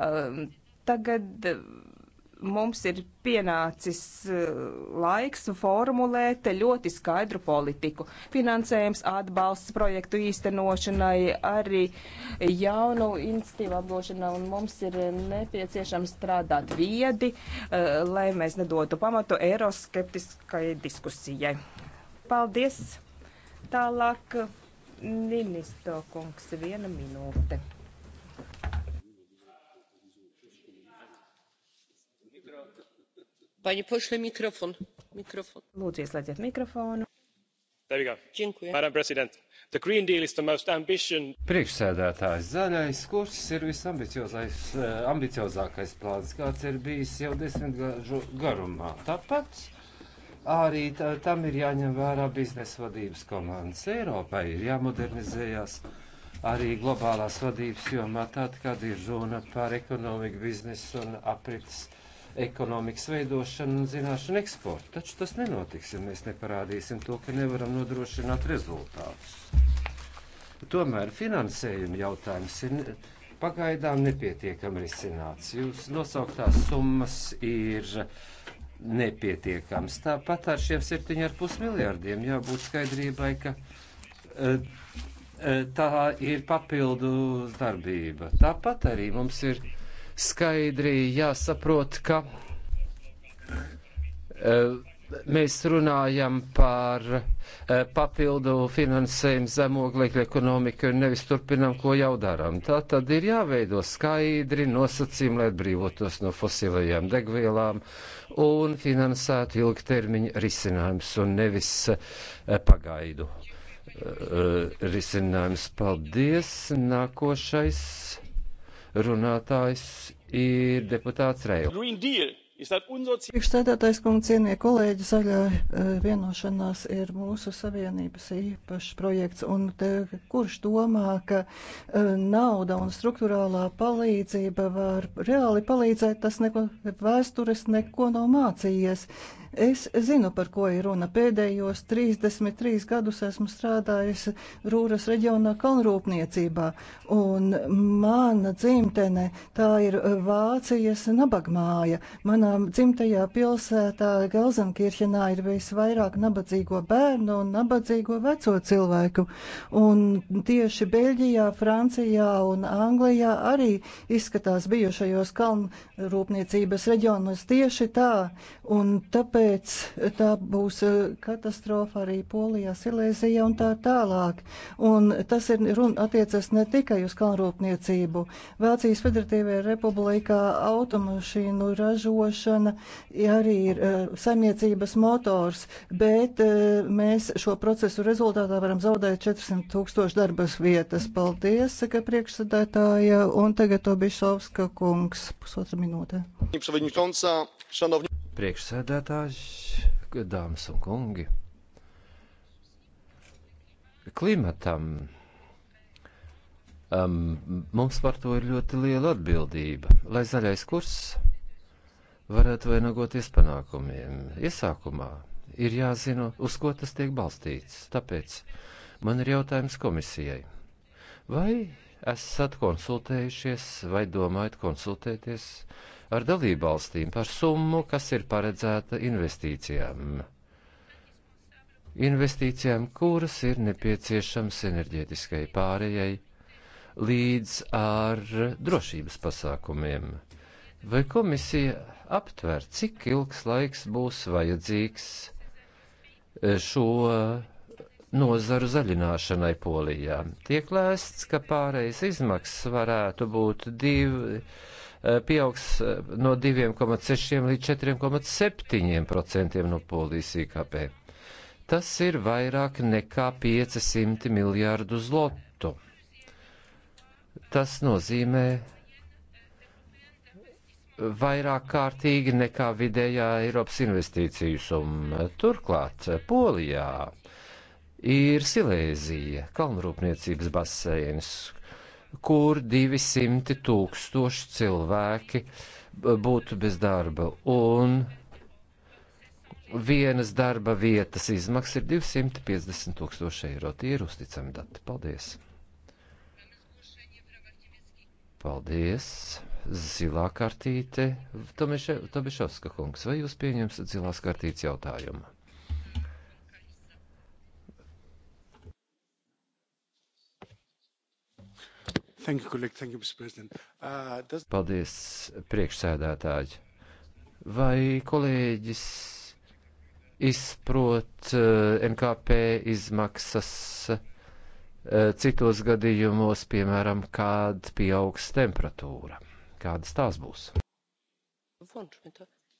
Um, tagad mums ir pienācis eh, laiks formulēt ļoti skaidru politiku. Finansējums, atbalsts projektu īstenošanai, arī jaunu institīvu apdošanā, un mums ir nepieciešams strādāt viedi, eh, lai mēs nedotu pamatu eiroskeptiskai diskusijai. Paldies! Tālāk Ninisto kungs, viena minūte. Lūdzu, ieslēdziet mikrofonu. Ambition... Priekšsēdētājs zaļais kurs ir visambiciozākais eh, plāns, kāds ir bijis jau desmitgažu garumā. Tāpat arī tā, tam ir jāņem vērā biznesa vadības komandas. Eiropai ir jāmodernizējas arī globālās vadības jomā, tāda, kad ir runa par ekonomiku, biznesu un aprits ekonomikas veidošanu un zināšanu eksportu. Taču tas nenotiks, ja mēs neparādīsim to, ka nevaram nodrošināt rezultātus. Tomēr finansējuma jautājums ir pagaidām nepietiekami risināts. Jūs nosauktās summas ir nepietiekams. Tāpat ar šiem 7,5 miljārdiem jābūt skaidrībai, ka eh, eh, tā ir papildu darbība. Tāpat arī mums ir skaidri jāsaprot, ka e, mēs runājam par e, papildu finansējumu zemoglekļa ekonomiku un nevis turpinam, ko jau darām. Tā tad ir jāveido skaidri nosacījumi, lai atbrīvotos no fosilajām degvielām un finansētu ilgtermiņa risinājums un nevis e, pagaidu risinājums. Paldies! Nākošais runātājs ir deputāts Reils. Nu, Priekšstādātais kungs, cienie kolēģi, zaļā eh, vienošanās ir mūsu savienības īpašs projekts, un te, kurš domā, ka eh, nauda un struktūrālā palīdzība var reāli palīdzēt, tas neko vēstures neko nav mācījies. Es zinu, par ko ir runa. Pēdējos 33 gadus esmu strādājis Rūras reģionā kalnrūpniecībā, un mana dzimtene tā ir Vācijas nabagmāja. Manā Manā um, dzimtajā pilsētā Gelsenkirchenā ir visvairāk nabadzīgo bērnu un nabadzīgo veco cilvēku. Un tieši Beļģijā, Francijā un Anglijā arī izskatās bijušajos kalnrūpniecības reģionos tieši tā. Un tāpēc tā būs uh, katastrofa arī Polijā, Silēzijā un tā tālāk. Un tas ir runa attiecas ne tikai uz kalnrūpniecību. Vācijas Federatīvajā republikā automašīnu ražošana zaļināšana arī ir eh, saimniecības motors, bet eh, mēs šo procesu rezultātā varam zaudēt 400 tūkstoši darbas vietas. Paldies, saka priekšsadētāja, un tagad to Bišovska kungs pusotra minūte. Priekšsēdētājs, dāmas un kungi klimatam. Um, mums par to ir ļoti liela atbildība, lai zaļais kurss varētu vainagoties panākumiem. Iesākumā ir jāzina, uz ko tas tiek balstīts. Tāpēc man ir jautājums komisijai. Vai esat konsultējušies vai domājat konsultēties ar dalībvalstīm par summu, kas ir paredzēta investīcijām? Investīcijām, kuras ir nepieciešams enerģētiskai pārējai līdz ar drošības pasākumiem Vai komisija aptver, cik ilgs laiks būs vajadzīgs e, šo nozaru zaļināšanai polijā? Tiek lēsts, ka pārējais izmaksas varētu būt divi, e, pieaugs e, no 2,6 līdz 4,7% no polijas IKP. Tas ir vairāk nekā 500 miljārdu zlotu. Tas nozīmē vairāk kārtīgi nekā vidējā Eiropas investīciju summa. Turklāt Polijā ir Silēzija, kalnrūpniecības basēns, kur 200 tūkstoši cilvēki būtu bez darba, un vienas darba vietas izmaksas ir 250 tūkstoši eiro. Tie ir uzticami dati. Paldies! Paldies! Zilā kartīte, Tomišovska kungs, vai jūs pieņemsiet zilās kartītes jautājumu? Thank you, colleague. Thank you, Mr. President. Uh, does... Paldies, priekšsēdētāji. Vai kolēģis izprot uh, NKP izmaksas uh, citos gadījumos, piemēram, kad pieaugs temperatūra? kādas tās būs.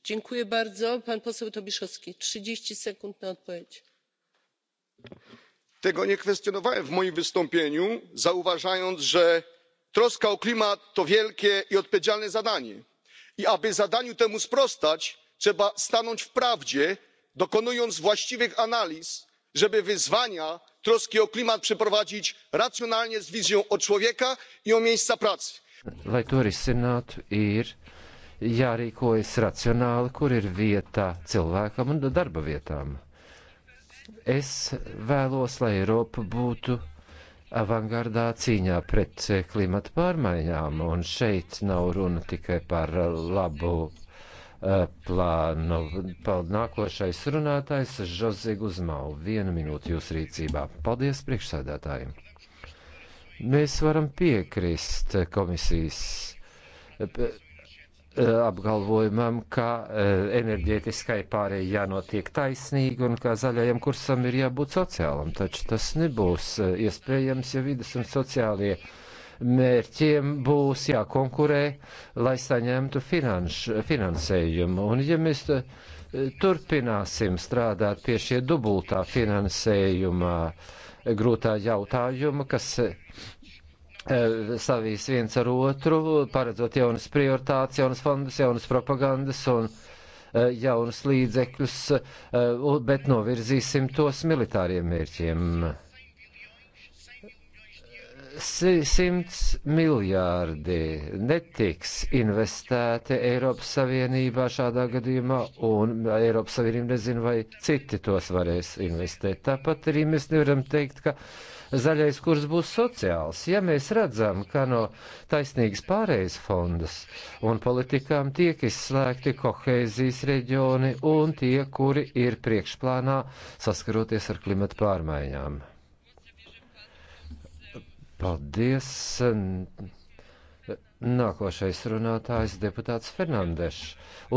Dziękuję bardzo. Pan poseł Tobiszowski, 30 sekund na odpowiedź. Tego nie kwestionowałem w moim wystąpieniu, zauważając, że troska o klimat to wielkie i odpowiedzialne zadanie. I aby zadaniu temu sprostać, trzeba stanąć w prawdzie, dokonując właściwych analiz, żeby wyzwania troski o klimat przeprowadzić racjonalnie z wizją o człowieka i o miejsca pracy. Lai to risinātu, ir jārīkojas racionāli, kur ir vieta cilvēkam un darba vietām. Es vēlos, lai Eiropa būtu avangardā cīņā pret eh, klimata pārmaiņām, un šeit nav runa tikai par labu uh, plānu. Paldies, nākošais runātājs Žozig Uzmau. Vienu minūti jūs rīcībā. Paldies priekšsēdētājiem! Mēs varam piekrist komisijas eh, eh, apgalvojumam, ka eh, enerģētiskai pārējai jānotiek taisnīgi un ka zaļajam kursam ir jābūt sociālam, taču tas nebūs iespējams, ja vidas un sociālie mērķiem būs jākonkurē, lai saņemtu finanš, finansējumu. Un ja mēs Turpināsim strādāt pie šie dubultā finansējuma grūtā jautājuma, kas e, savīs viens ar otru, paredzot jaunas prioritātes, jaunas fondus, jaunas propagandas un e, jaunus līdzekļus, e, bet novirzīsim tos militāriem mērķiem. 100 miljārdi netiks investēti Eiropas Savienībā šādā gadījumā, un Eiropas Savienība nezina, vai citi tos varēs investēt. Tāpat arī mēs nevaram teikt, ka zaļais kurs būs sociāls. Ja mēs redzam, ka no taisnīgas pārējas fondas un politikām tiek izslēgti kohēzijas reģioni un tie, kuri ir priekšplānā saskaroties ar klimatu pārmaiņām. Paldies! Nākošais runātājs deputāts Fernandešs.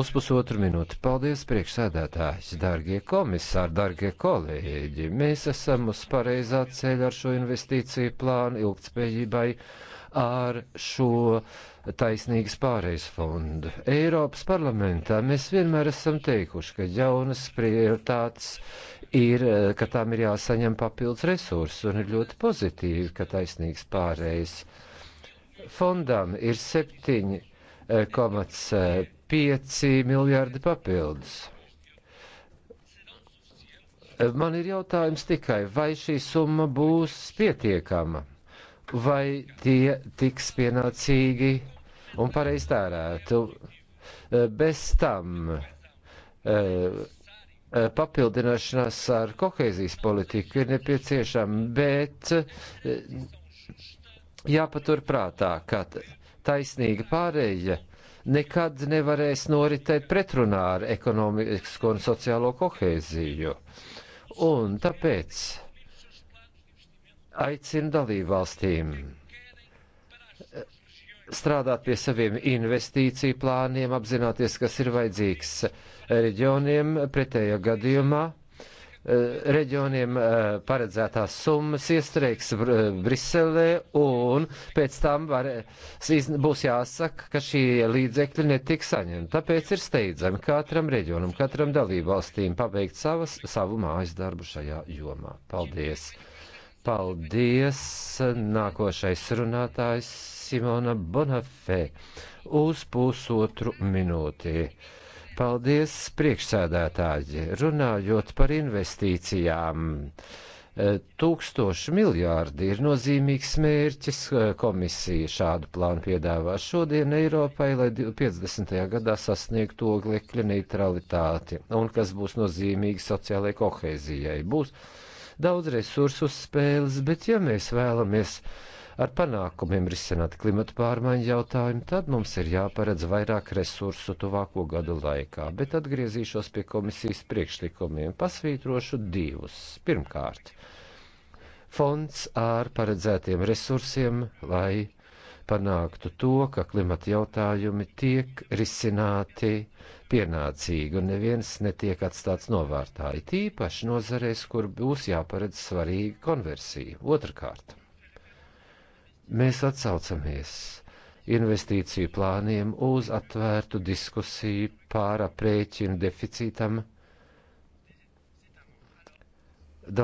Uz pusotru minūti. Paldies, priekšsēdētājs, dārgie komisāri, dārgie kolēģi. Mēs esam uz pareizā ceļa ar šo investīciju plānu ilgtspējībai, ar šo uh, taisnīgas pārejas fondu. Eiropas parlamentā mēs vienmēr esam teikuši, ka jaunas prioritātes ir, ka tām ir jāsaņem papildus resursi un ir ļoti pozitīvi, ka taisnīgas pārejas fondām ir 7,5 eh, eh, miljārdi papildus. Man ir jautājums tikai, vai šī summa būs pietiekama, vai tie tiks pienācīgi un pareizi tērētu. E, bez tam e, e, papildināšanās ar kohēzijas politiku ir nepieciešama, bet jāpatur prātā, ka taisnīga pārēja nekad nevarēs noritēt pretrunā ar ekonomisko un sociālo kohēziju. Un tāpēc aicinu dalībvalstīm strādāt pie saviem investīciju plāniem, apzināties, kas ir vajadzīgs reģioniem, pretējā gadījumā eh, reģioniem eh, paredzētās summas iestrēgs eh, Briselē un pēc tam var, būs jāsaka, ka šie līdzekļi netiks saņemti. Tāpēc ir steidzami katram reģionam, katram dalībvalstīm pabeigt savas, savu mājas darbu šajā jomā. Paldies! Paldies! Nākošais runātājs Simona Bonafē uz pusotru minūti. Paldies, priekšsēdētāji, runājot par investīcijām. Tūkstoši miljārdi ir nozīmīgs mērķis. Eh, komisija šādu plānu piedāvā šodien Eiropai, lai 50. gadā sasniegtu oglekļa neutralitāti un kas būs nozīmīgi sociālai kohēzijai. Būs daudz resursu spēles, bet ja mēs vēlamies uh, ar panākumiem risināt klimatu pārmaiņu jautājumu, tad mums ir jāparedz vairāk resursu tuvāko gadu laikā. Bet atgriezīšos pie komisijas priekšlikumiem, pasvītrošu divus. Pirmkārt, fonds ar paredzētiem resursiem, lai panāktu to, ka klimata jautājumi tiek risināti pienācīgi un neviens netiek atstāts novārtā, it īpaši nozarēs, kur būs jāparedz svarīga konversija. Otrakārt, Mēs atsaucamies investīciju plāniem uz atvērtu diskusiju pār aprēķinu deficītam